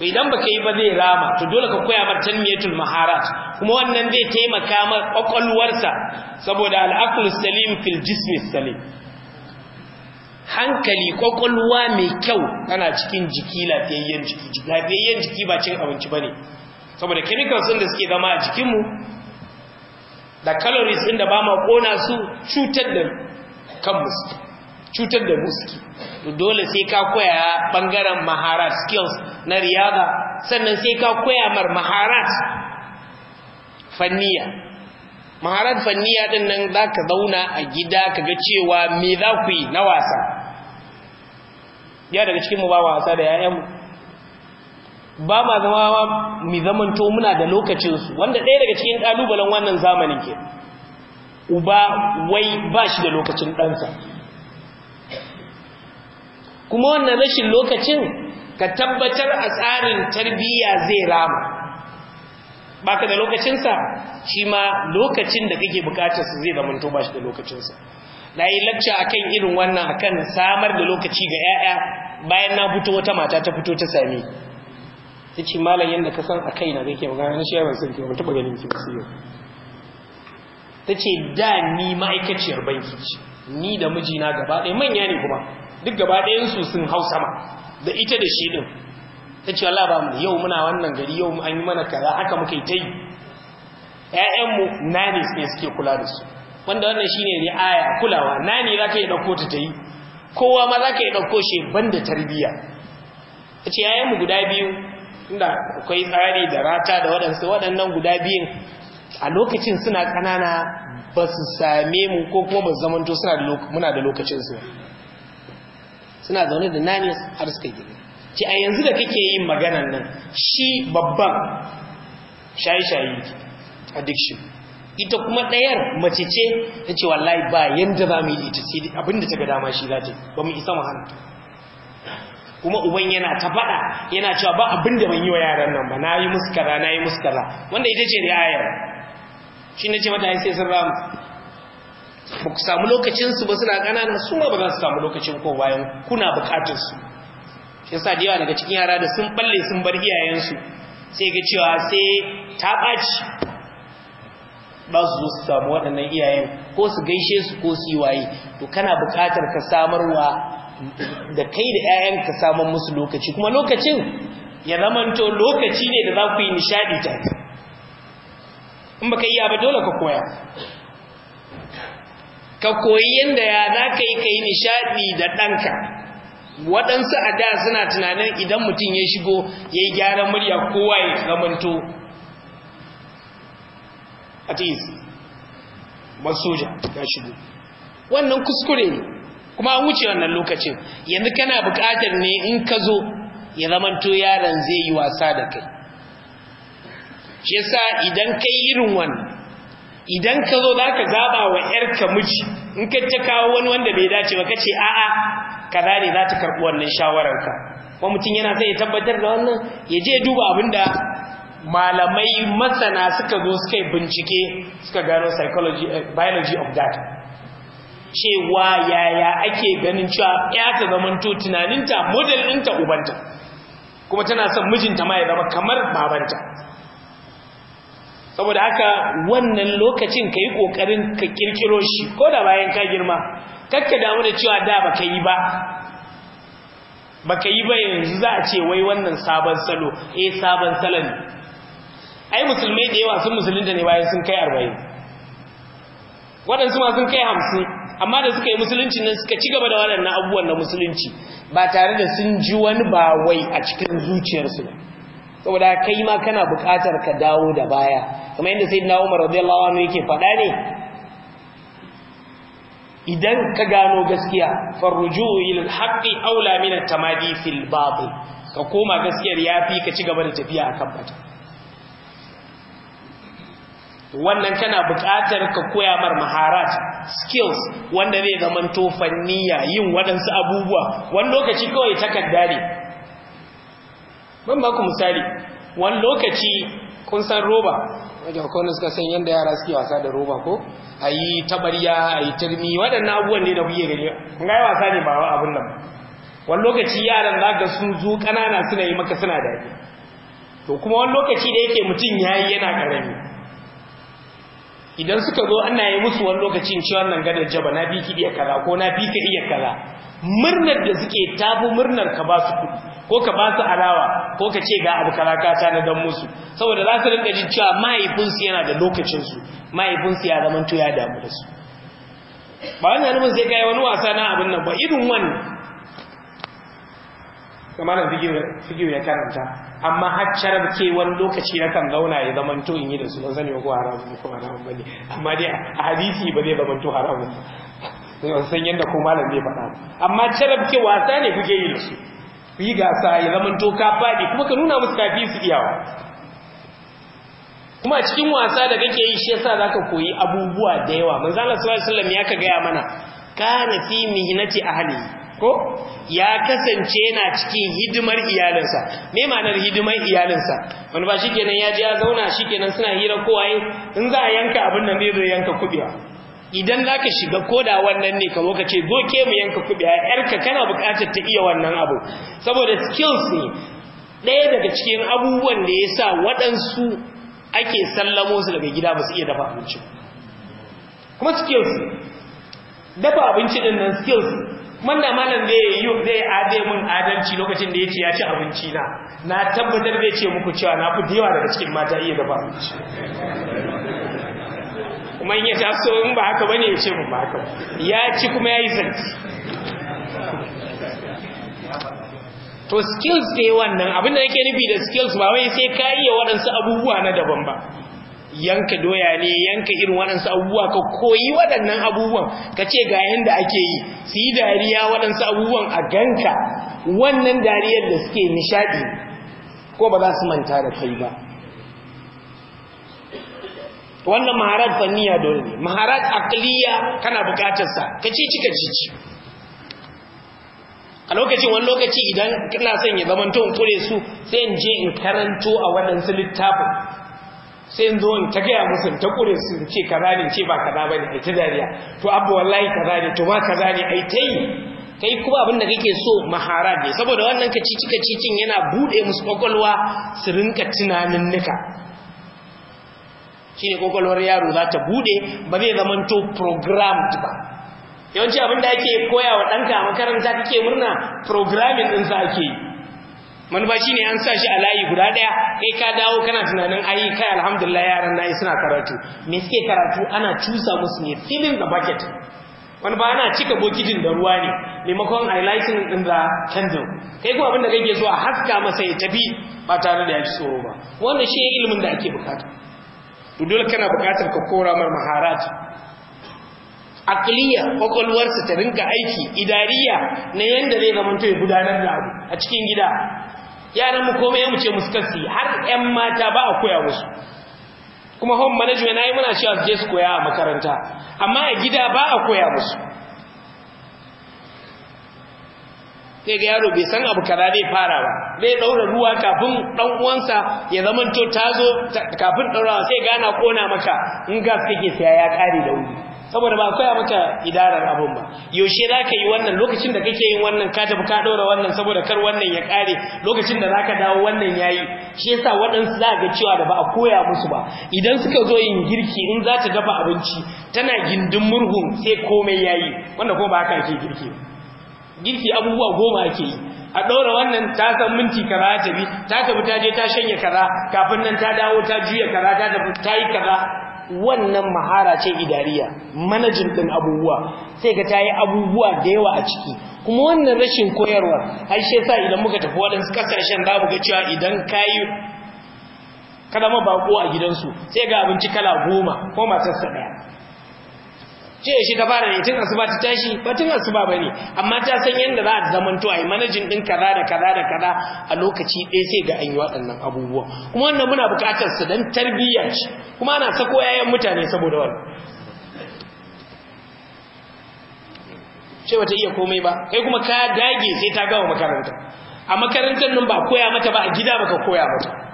to idan baka yi ba zai rama to dole ka koya mar tanmiyatul maharat kuma wannan zai taimaka ma kwakwalwarsa saboda al-aqlu salim fil jismi salim hankali kwakwalwa mai kyau ana cikin jiki lafiyayyen jiki lafiyayyen jiki ba cin abinci ba ne, saboda chemicals din da suke zama a jikinmu, da calories ɗin da ba ma kona su cutar da kanmu cutar da mu suke dole sai ka koya bangaren maharat skills na riyada sannan sai ka koya mar maharat fanniya maharar fanniya ɗin nan za ka zauna a gida ka ga cewa me za ku yi na wasa ya daga cikin mu ba wa wasa da yayanmu ba ma zama ma mi zamanto muna da lokacinsu wanda ɗaya daga cikin ƙalubalen wannan zamanin ke uba wai ba shi da lokacin ɗansa kuma wannan rashin lokacin ka tabbatar a tsarin tarbiyya zai rama baka da lokacinsa shi ma lokacin da kake bukatarsa zai zamanto ba shi da lokacinsa na yi lacca akan irin wannan akan samar da lokaci ga 'ya'ya bayan na fito wata mata ta fito ta sami ta ce malam yadda ka san a kai na kake magana na shi ban san ke ba taɓa ganin ki yau. ta ce da ni ma'aikaciyar banki ce ni da mijina gaba ɗaya manya ne kuma duk gaba ɗayansu sun hau sama da ita da shi ɗin ta ce Allah ba mu yau muna wannan gari yau an yi mana kaza haka muka yi ta yi ‘ya'yanmu na ne suke kula da su wanda wannan shine aya kulawa nani zaka yi dauko ta tayi kowa ma zaka yi dauko shi banda tarbiya yace yayin mu guda biyu inda akwai tsari da rata da wadansu waɗannan guda biyun a lokacin suna kanana ba su same mu ko kuma ba to suna muna da lokacin su suna zaune da nani har suka gida ce a yanzu da kake yin maganan nan shi babban shayi-shayi addiction ita kuma ɗayar mace ce ta ce wallahi ba yadda za mu yi ita ce, abinda ta ga dama shi za ce, ba mu isa mahan kuma uban yana ta faɗa yana cewa ba abinda ban yi wa yaran nan ba na yi muskara na yi muskara. wanda ita ce riayar shi na ce mata sai sun ramu ba ku samu lokacinsu ba suna ƙanana su ma ba za su samu lokacin ko bayan kuna buƙatarsu shi yasa da yawa daga cikin yara da sun balle sun bar iyayensu sai ga cewa sai ta ɓaci ba su su samu waɗannan iyayen ko su gaishe su ko su yi waye to kana buƙatar ka samarwa da kai da 'ya'yan ka musu lokaci kuma lokacin ya zamanto lokaci ne da za ku yi nishaɗi ta in ba ka iya ba dole ka koya ka koyi yadda ya za ka yi ka yi nishaɗi da ɗanka waɗansu a da suna tunanin idan mutum ya shigo ya yi gyaran murya kowa ya zamanto at ba soja ya shigo wannan kuskure ne kuma an wuce wannan lokacin yanzu kana buƙatar ne in ka zo ya zamanto yaron zai yi wasa da kai shi yasa idan kai irin wannan idan ka zo za ka wa ‘yarka miji in ka ta kawo wani wanda bai dace ba ka ce a'a kaza ne za ta karɓi wannan shawararka kuma mutum yana sai ya tabbatar da wannan ya je duba abin da malamai masana suka zo suka bincike suka gano psychology eh, biology of that cewa yaya ake ganin cewa ya ta zamanto tunaninta model ɗinta ubanta kuma tana son mijinta ma ya zama kamar babanta saboda haka wannan lokacin ka yi ƙoƙarin ka ƙirƙiro shi ko da bayan ka girma kakka damu da cewa da baka yi ba baka yi ba yanzu za a ce wai wannan sabon salo eh sabon salon ai musulmai da yawa sun musulunta ne bayan sun kai arba'in waɗansu ma sun kai hamsin amma da suka yi musulunci nan suka ci gaba da waɗannan abubuwan na musulunci ba tare da sun ji wani ba wai a cikin zuciyarsu ba saboda kai ma kana buƙatar ka dawo da baya kamar yadda sai na umar radiyallahu anhu yake faɗa ne idan ka gano gaskiya farruju ila alhaqi aula min at-tamadi fil batil ka koma gaskiyar yafi ka ci gaba da tafiya akan bata wannan kana buƙatar ka koya mar maharat skills wanda zai zama tofanniya yin waɗansu abubuwa wani lokaci kawai takarda ne ban ba ku misali wani lokaci kun san roba wajen kone suka san yadda yara suke wasa da roba ko a yi tabariya a yi turmi waɗannan abubuwan ne da kuke gani kun gaya wasa ne ba abin nan wani lokaci yaran za ka sun zo ƙanana suna yi maka suna daɗi to kuma wani lokaci da yake mutum ya yi yana ƙarami idan suka zo ana yi musu wani lokacin ci wannan gadar jaba na bi ki iya kaza ko na bi ka iya kaza murnar da suke tafi murnar ka ba su kuɗi ko ka ba su alawa ko ka ce ga abu kaza ka ta dan musu saboda za su rinka jin cewa mahaifinsu yana da lokacinsu mahaifinsu ya zama to ya damu da su ba wannan mun sai kai wani wasa na abin nan ba irin wannan malam figiyu ya karanta amma har carab ke wani lokaci na kan zauna ya zamanto in yi da su don sani ko haramun ko haramun bane amma dai a hadisi ba zai zamanto haramun ba san yadda ko malam zai faɗa amma carab ke wasa ne kuke yi da su ku yi gasa ya zamanto ka faɗi kuma ka nuna musu kafi su iyawa kuma a cikin wasa da kake yi shi yasa zaka koyi abubuwa da yawa manzo Allah sallallahu alaihi wasallam ya ka gaya mana kana fi mihnati ahlihi ko ya kasance yana cikin hidimar iyalinsa me ma'anar hidimar iyalinsa wani ba shi kenan ya ji ya zauna shi kenan suna hira waye in za a yanka abin nan zai yanka kubewa idan za ka shiga koda wannan ne ka zo ce doke mu yanka kubewa yarka kana buƙatar ta iya wannan abu saboda skills ne ɗaya daga cikin abubuwan da ya sa waɗansu ake sallamo su daga gida ba su iya dafa abinci kuma skills dafa abinci ɗin nan skills manda malam zai yi zai adai mun adalci lokacin da ya ce ya ci abinci na na tabbatar zai ce muku cewa na fi yawa daga cikin mata iya dafa abinci kuma in ya so in ba haka bane ya ce mun ba haka ya ci kuma ya yi zanci to skills dai wannan abinda nake nufi da skills ba wai sai ka iya waɗansu abubuwa na daban ba yanka doya ne yanka irin waɗansu abubuwa ka koyi waɗannan abubuwan ka ce ga yanda ake yi su yi dariya waɗansu abubuwan a ganka wannan dariyar da suke nishaɗi ko ba za su manta da kai ba wannan maharat fanniya dole ne maharat akliya kana bukatarsa ka ci ka cici a lokacin wani lokaci idan kana son ya zama to kure su sai in je in karanto a waɗansu littafin sai in zo in ta gaya musu ta kure su in ce kaza ne ce ba kaza bane ai ta dariya to abba wallahi kaza ne to ma kaza ne ai ta yi kai kuma abin da kake so mahara ne saboda wannan ka cici ka cicin yana bude musu kwakwalwa su rinka tunanin nika shine kwakwalwar yaro za ta bude ba zai zamanto programmed ba yawanci abin da ake koya wa ɗanka a makaranta kake murna programming sa ake yi manufa shine an sa shi a layi guda ɗaya. kai ka dawo kana tunanin ayi. kai alhamdulillah yaran na suna karatu me suke karatu ana cusa musu ne filling the bucket wani ba ana cika bokitin da ruwa ne maimakon i lighting ɗin da candle kai ko abin da kake so a haska masa ya tafi ba tare da ya ci tsoro ba wannan shi ne ilimin da ake bukata to dole kana bukatar ka kora mar maharat akliya kwakwalwarsa ta rinka aiki idariya na yanda zai zama to ya gudanar da abu a cikin gida yaran mu komai mu ce musu kansu har ƴan mata ba a koya musu kuma home management nayi muna cewa su je su koya a makaranta amma a gida ba a koya musu sai ga yaro bai san abu kaza zai fara ba zai ɗaura ruwa kafin ɗan uwansa ya zamanto tazo kafin daurawa sai gana kona maka in gas kake saya ya kare da wuri saboda ba koya maka idarar abun ba yaushe za ka yi wannan lokacin da kake yin wannan ka tafi ka ɗora wannan saboda kar wannan ya ƙare lokacin da za ka dawo wannan ya yi shi yasa waɗansu za ga cewa da ba a koya musu ba idan suka zo yin girki in za ta dafa abinci tana gindin murhun sai komai ya yi wanda kuma ba ka ke girki girki abubuwa goma ake yi a ɗora wannan ta san minti kaza ta bi ta tafi ta je ta shanya kaza kafin nan ta dawo ta juya kaza ta tafi ta yi kaza wannan mahara ce idariya manajin ɗin abubuwa sai ka tayi abubuwa da yawa a ciki kuma wannan rashin koyarwa har shi yasa idan muka tafi wadansu kasashen da muka ga cewa idan kayi kada ma baƙo a gidansu sai ga abinci kala goma ko matarsa ɗaya ce shi ta fara ne tun asuba ta tashi ba tun asuba ba ne amma ta san yadda za a zaman to a yi manajin ɗin kaza da kaza da kaza a lokaci ɗaya sai ga an yi waɗannan abubuwa kuma wannan muna buƙatar su don tarbiyya ce kuma ana sako yayan mutane saboda wani ce bata iya komai ba kai kuma ka dage sai ta gama makaranta a makarantar nan ba koya mata ba a gida baka koya mata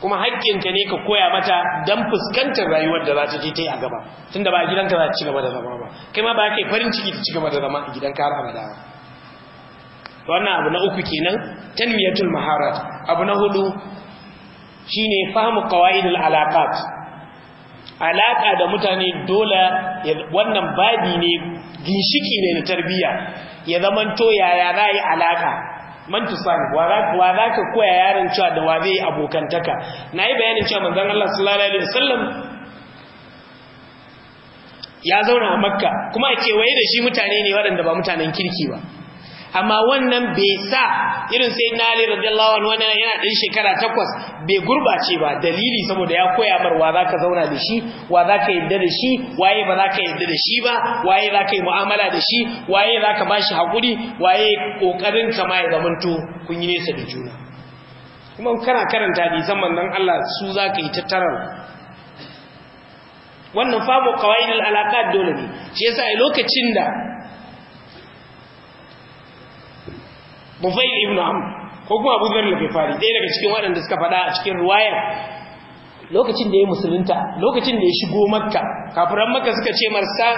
kuma haƙƙinka ne ka koya mata don fuskantar rayuwar da za ta je ta yi a gaba tunda ba a gidanka za ta ci gaba da zama ba kai ma ba kai farin ciki ta ci gaba da zama a gidan har abada to wannan abu na uku kenan tanmiyatul maharat abu na hudu shine fahimu qawaidul alaqat alaƙa da mutane dole wannan babi ne ginshiki ne na tarbiyya ya zamanto yaya za a yi alaƙa man sani wa za ka koya yaron cewa da wa zai abokantaka na yi bayanin cewa manzan Allah sallallahu alaihi wasallam ya zauna a makka kuma a kewaye da shi mutane ne waɗanda ba mutanen kirki ba amma wannan bai sa irin sai na ali radiyallahu anhu wannan yana dan shekara takwas bai gurbace ba dalili saboda ya koya bar wa zaka zauna da shi wa zaka yadda da shi waye ba zaka yadda da shi ba waye zaka yi mu'amala da shi waye zaka bashi hakuri waye kokarin kama ya zamanto kun yi nesa da juna kuma kana karanta zaman nan Allah su zaka yi tattaran wannan fabo qawaidul alaqat dole ne shi yasa a lokacin da Bufail ibn Am ko kuma Abu Dharr al-Ghifari ɗaya daga cikin waɗanda suka faɗa a cikin riwaya lokacin da ya musulunta lokacin da ya shigo Makka kafiran Makka suka ce marsa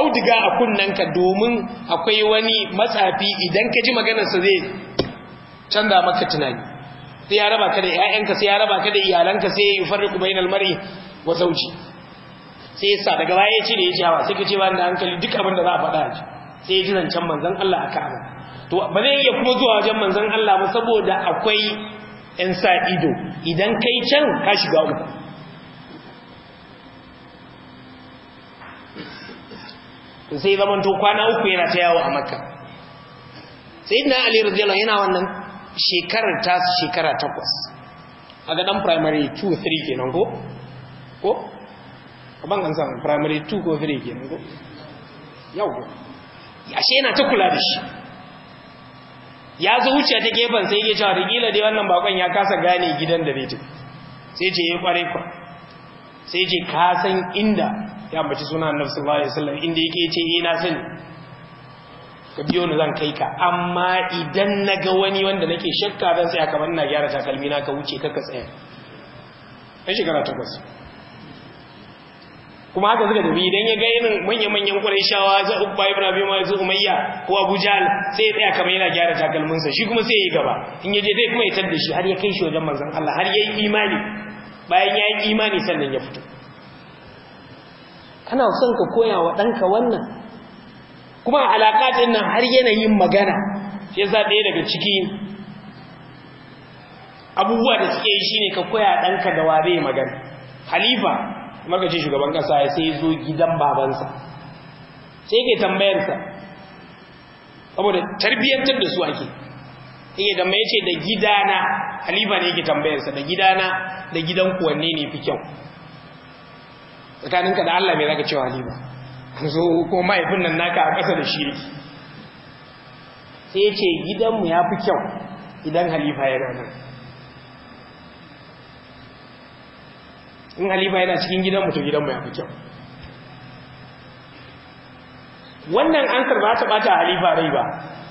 audiga a kunnanka domin akwai wani matsafi idan ka ji maganar maganarsa zai canza maka tunani sai ya raba ka da ƴaƴanka sai ya raba ka da iyalanka sai ya farriqu bainal mar'i wa zawji sai ya sa daga baya ya ce ne ya jawa sai ka ce ba da hankali duk abin da za a faɗa sai ya ji zancen manzon Allah aka amana to ba zai iya kuma zuwa wajen manzon Allah ba saboda akwai ɗan sa ido idan kai can ka shiga uku sai to kwana uku yana ta yawo a makka sai na ali rajala yana wannan shekarar ta shekara takwas a ga dan primary 2 3 kenan ko ko kaban kan san primary 2 ko 3 kenan ko yau ashe yana ta kula da shi ya zo wuce ta gefen sai yake cewa rigila dai wannan bakon ya kasa gane gidan da zai sai ce ya eh, kware kwa sai ce ka san inda ya mace suna nabi sallallahu alaihi wasallam inda yake ce eh na sani ka biyo ni zan kai ka amma idan na ga wani wanda nake shakka zan tsaya kamar ina gyara takalmi na ka wuce ka ka tsaya ɗan shekara takwas kuma haka suka tafi idan ya ga irin manya-manyan za a ubba ibn abi ma umayya ko Abuja. sai ya tsaya kamar yana gyara takalminsa shi kuma sai ya yi gaba in ya je zai kuma ya tar da shi har ya kai shi wajen manzan Allah har ya yi imani bayan ya yi imani sannan ya fito kana son ka koya wa ɗanka wannan kuma alaƙa ɗin nan har yanayin magana sai yasa ɗaya daga ciki abubuwa da suke yi shine ka koya ɗanka da wa magana halifa ce shugaban kasa ya sai zo gidan babansa sai ke tambayarsa saboda tarbiyyantar da su ake yake da mai ce da gidana halifa ne yake tambayarsa da gidana da gidan kuwanne ne fi kyau tsakaninka da Allah mai zaka cewa halifa zo ko mahaifin nan naka a ƙasa da shi yake sai ya ce gidanmu ya fi kyau idan halifa ya rana. in Halifa yana cikin gidanmu to gidanmu ya fi kyau wannan ansar ba ta bata halifa rai ba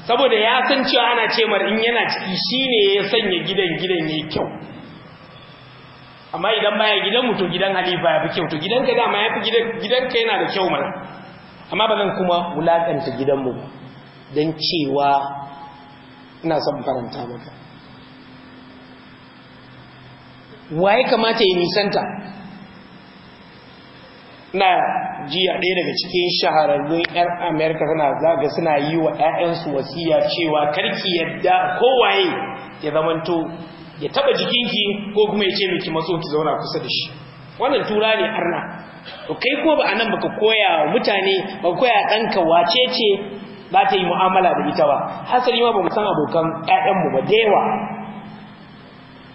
saboda ya san cewa ana ce mar in yana ciki shine ya sanya gidan gidan yayi kyau amma idan baya gidan mu to gidan halifa ya fi kyau to gidanka dama ya fi gidanka yana da kyau mana amma ba zan kuma wulakanta gidanmu mu don cewa ina son faranta maka waye kamata ya nisanta na jiya ɗaya daga cikin shahararrun 'yan amerika suna zaga suna yi wa 'ya'yansu wasiya cewa karki yadda kowaye ya zamanto ya taba jikinki ko kuma ya ce miki maso ki zauna kusa da shi wannan tura ne arna to kai kuma ba anan baka koya wa mutane ba koya danka wace ce za ta yi mu'amala da ita ba hasali ma ba mu san abokan ƴaƴanmu ba da yawa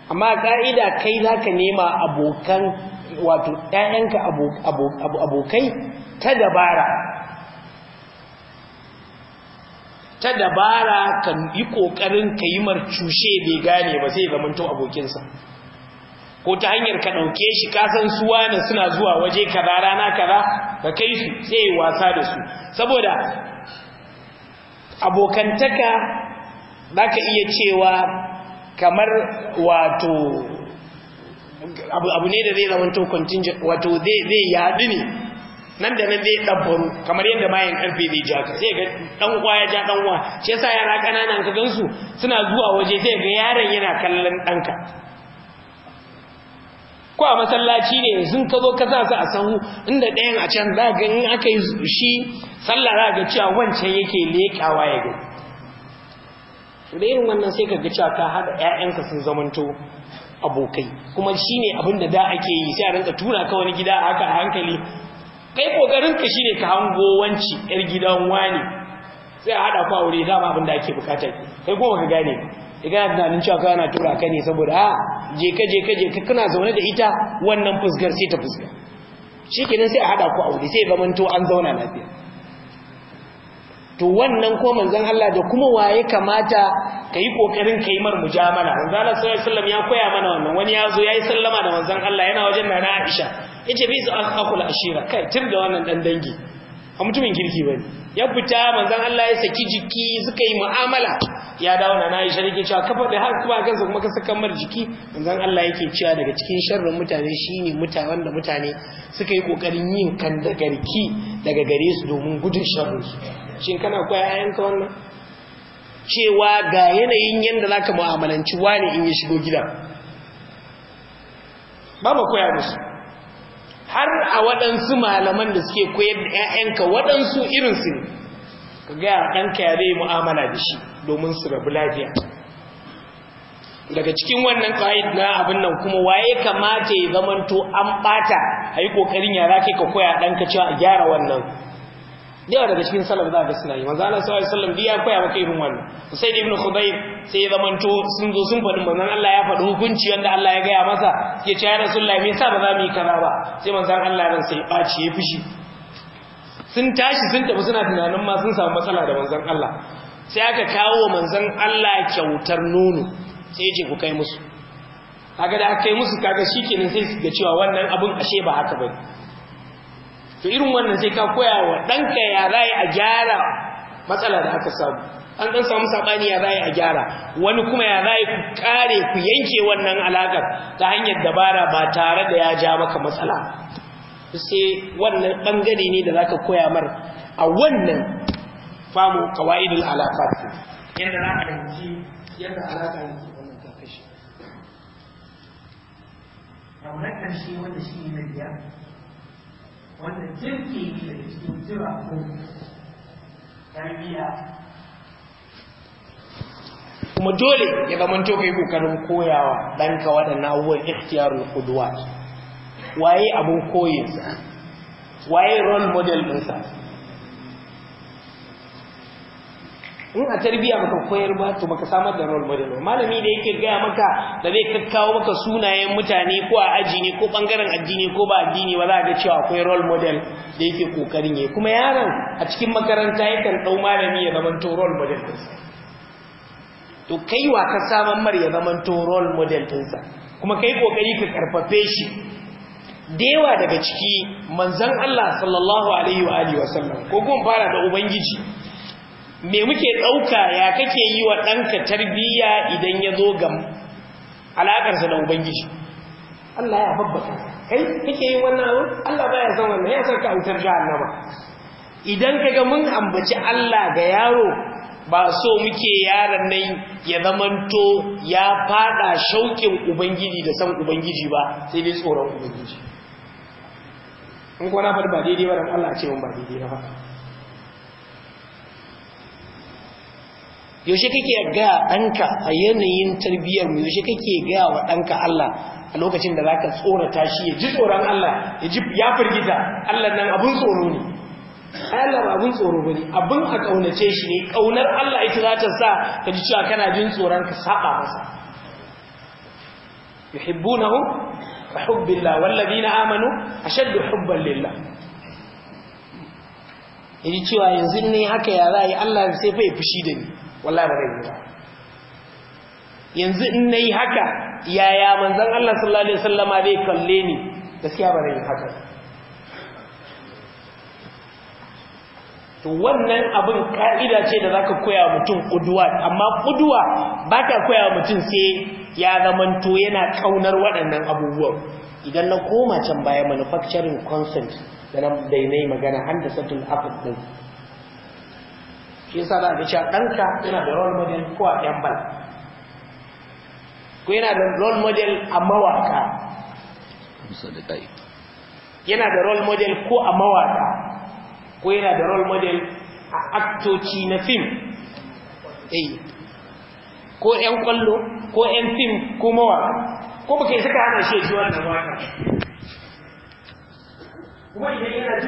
amma ka'ida kai za ka nema abokan wato ɗayanka abokai ta dabara ta dabara kan yi ƙoƙarin ka yi marcushe bai gane ba zai zamanto abokinsa ko ta hanyar ka ɗauke shi kasan suwa ne suna zuwa waje kaza rana kaza ka kai su sai wasa da su saboda abokantaka za ka iya cewa kamar wato abu ne da zai zama to contingent wato zai zai yadu ne nan da nan zai dabbaru kamar yadda mayan karfe zai ja ka sai ga dan uwa ya ja dan uwa shi yasa yara kananan ka gansu suna zuwa waje sai ga yaron yana kallon danka ko a masallaci ne sun ka zo ka sa su a sahu inda ɗayan a can za ga in aka yi shi sallah za ga cewa wancan yake leƙawa ya gani da wannan sai ka ga cewa ka haɗa 'ya'yanka sun zamanto abokai kuma shine abin da da ake yi sai a rinka tura ka wani gida a haka a hankali kai kokarin ka ne ka hango wanci yar gidan wani sai a hada ku aure dama abin da ake bukata kai kuma ka gane ka gane tunanin cewa ka yana tura ka ne saboda a ah, je ka je ka je ka kana zaune da ita wannan fusgar sai ta shi kenan sai a hada ku aure sai zamanto an zauna lafiya to wannan ko manzon Allah da kuma waye kamata kai kokarin kai mar mujamala manzon Allah sallallahu alaihi wasallam ya koya mana wannan wani yazo yayi sallama da manzon Allah yana wajen nana Aisha yace bi zan akul ashira kai tun da wannan dan dangi a mutumin kirki bane ya fita manzon Allah ya saki jiki suka yi mu'amala ya dawo nana Aisha yake cewa kafa da har kuma kansa kuma ka saka mar jiki manzon Allah yake cewa daga cikin sharrin mutane shine mutawan da mutane suka yi kokarin yin kandagarki daga gare su domin gudun sharrin shin kana koya 'ya'yanka wannan cewa ga yanayin yanda za ka mu'amalanci wani in ya shigo gida ba ma koya musu har a waɗansu malaman da suke koyar da 'ya'yanka waɗansu irinsu ne ka gaya ɗanka ya zai mu'amala da shi domin su rabu lafiya daga cikin wannan ƙa'id na abin nan kuma waye kamata ya zamanto an ɓata a yi ƙoƙarin yara ke ka koya ɗanka cewa a gyara wannan da yawa daga cikin salaf za ga suna yi manzo Allah sallallahu alaihi wasallam ya koya maka irin wannan Usaid ibn Khudayr sai ya zamanto sun zo sun faɗi manzon Allah ya faɗi hukunci wanda Allah ya gaya masa suke cewa sun Rasulullahi me yasa ba za mu yi kaza ba sai manzon Allah ran sai ɓaci ya fushi sun tashi sun tafi suna tunanin ma sun samu matsala da manzon Allah sai aka kawo wa manzon Allah kyautar nono sai ya ce ku kai musu kaga da aka kai musu kaga shikenan sai su ga cewa wannan abun ashe ba haka bane to irin wannan sai ka koya wa ɗanka ya za a gyara matsala da aka samu an ɗan samu saɓani ya za a gyara wani kuma ya za ku kare ku yanke wannan alaƙar ta hanyar dabara ba tare da ya ja maka matsala sai wannan ɓangare ne da zaka koya mar a wannan famu kawa'idul alaƙar yadda za a ɗanki yadda alaƙa yake wannan kakashi abu na ƙarshe wanda shi ne na biyar wanda jirgi ne da cikin jira ko tarbiyya kuma dole ya zama to kokarin koyawa danka waɗannan abubuwan ikhtiyarul kuduwa waye abin koyinsa waye role model ɗinsa in a tarbiya maka koyar ba to maka samar da role model malami da yake gaya maka da zai kakkawo maka sunayen mutane ko a aji ne ko bangaren addini ko ba addini ba za ga cewa akwai role model da yake kokarin yi kuma yaron a cikin makaranta yakan dau malami ya zama to role model sa to kai wa ka saman mar ya zama to role model ɗinsa kuma kai kokari ka karfafe shi dewa daga ciki manzon Allah sallallahu alaihi wa alihi wasallam ko kuma fara da ubangiji me muke ɗauka ya kake yi wa ɗanka tarbiyya idan ya zo ga alaƙarsa da ubangiji Allah ya babbata kai kake yi wannan abu Allah baya san wannan ya san ka autar ba. idan kaga mun ambaci Allah ga yaro ba so muke yaron nan ya zamanto ya fada shauƙin ubangiji da san ubangiji ba sai dai tsoron ubangiji in kwana fa da ba daidai ba da Allah ce mun ba daidai ba yaushe kake ga ɗanka a yanayin tarbiyyar mu yaushe kake ga wa ɗanka Allah a lokacin da zaka tsorata shi ya ji tsoron Allah ya ji ya firgita Allah nan abun tsoro ne Allah abun tsoro bane abun a kaunace shi ne kaunar Allah ita za ta sa ka ji cewa kana jin tsoron ka saba masa yuhibbunahu ka hubbillah ladina amanu ashaddu hubban lillah yaji cewa yanzu ne haka ya za yi Allah sai fa ya fushi da ni wallahi ba zai yi ba yanzu in nayi haka yaya manzon Allah sallallahu alaihi wasallama zai kalle ni gaskiya ba zai yi haka to wannan abin ka'ida ce da zaka koya mutum kuduwa amma kuduwa ba ta koya mutum sai ya zamanto yana kaunar waɗannan abubuwan idan na koma can baya manufacturing consent da na magana handasatul afid din shi yasa za ga cewa ɗanka yana da role model ko a yan bal ko yana da role model a mawaka yana da role model ko a mawaka ko yana da role model a aktoci na fim eh. ko 'yan kwallo ko 'yan fim ko mawaka ko baka isa saka hana shi ya ji wannan mawaka kuma idan yana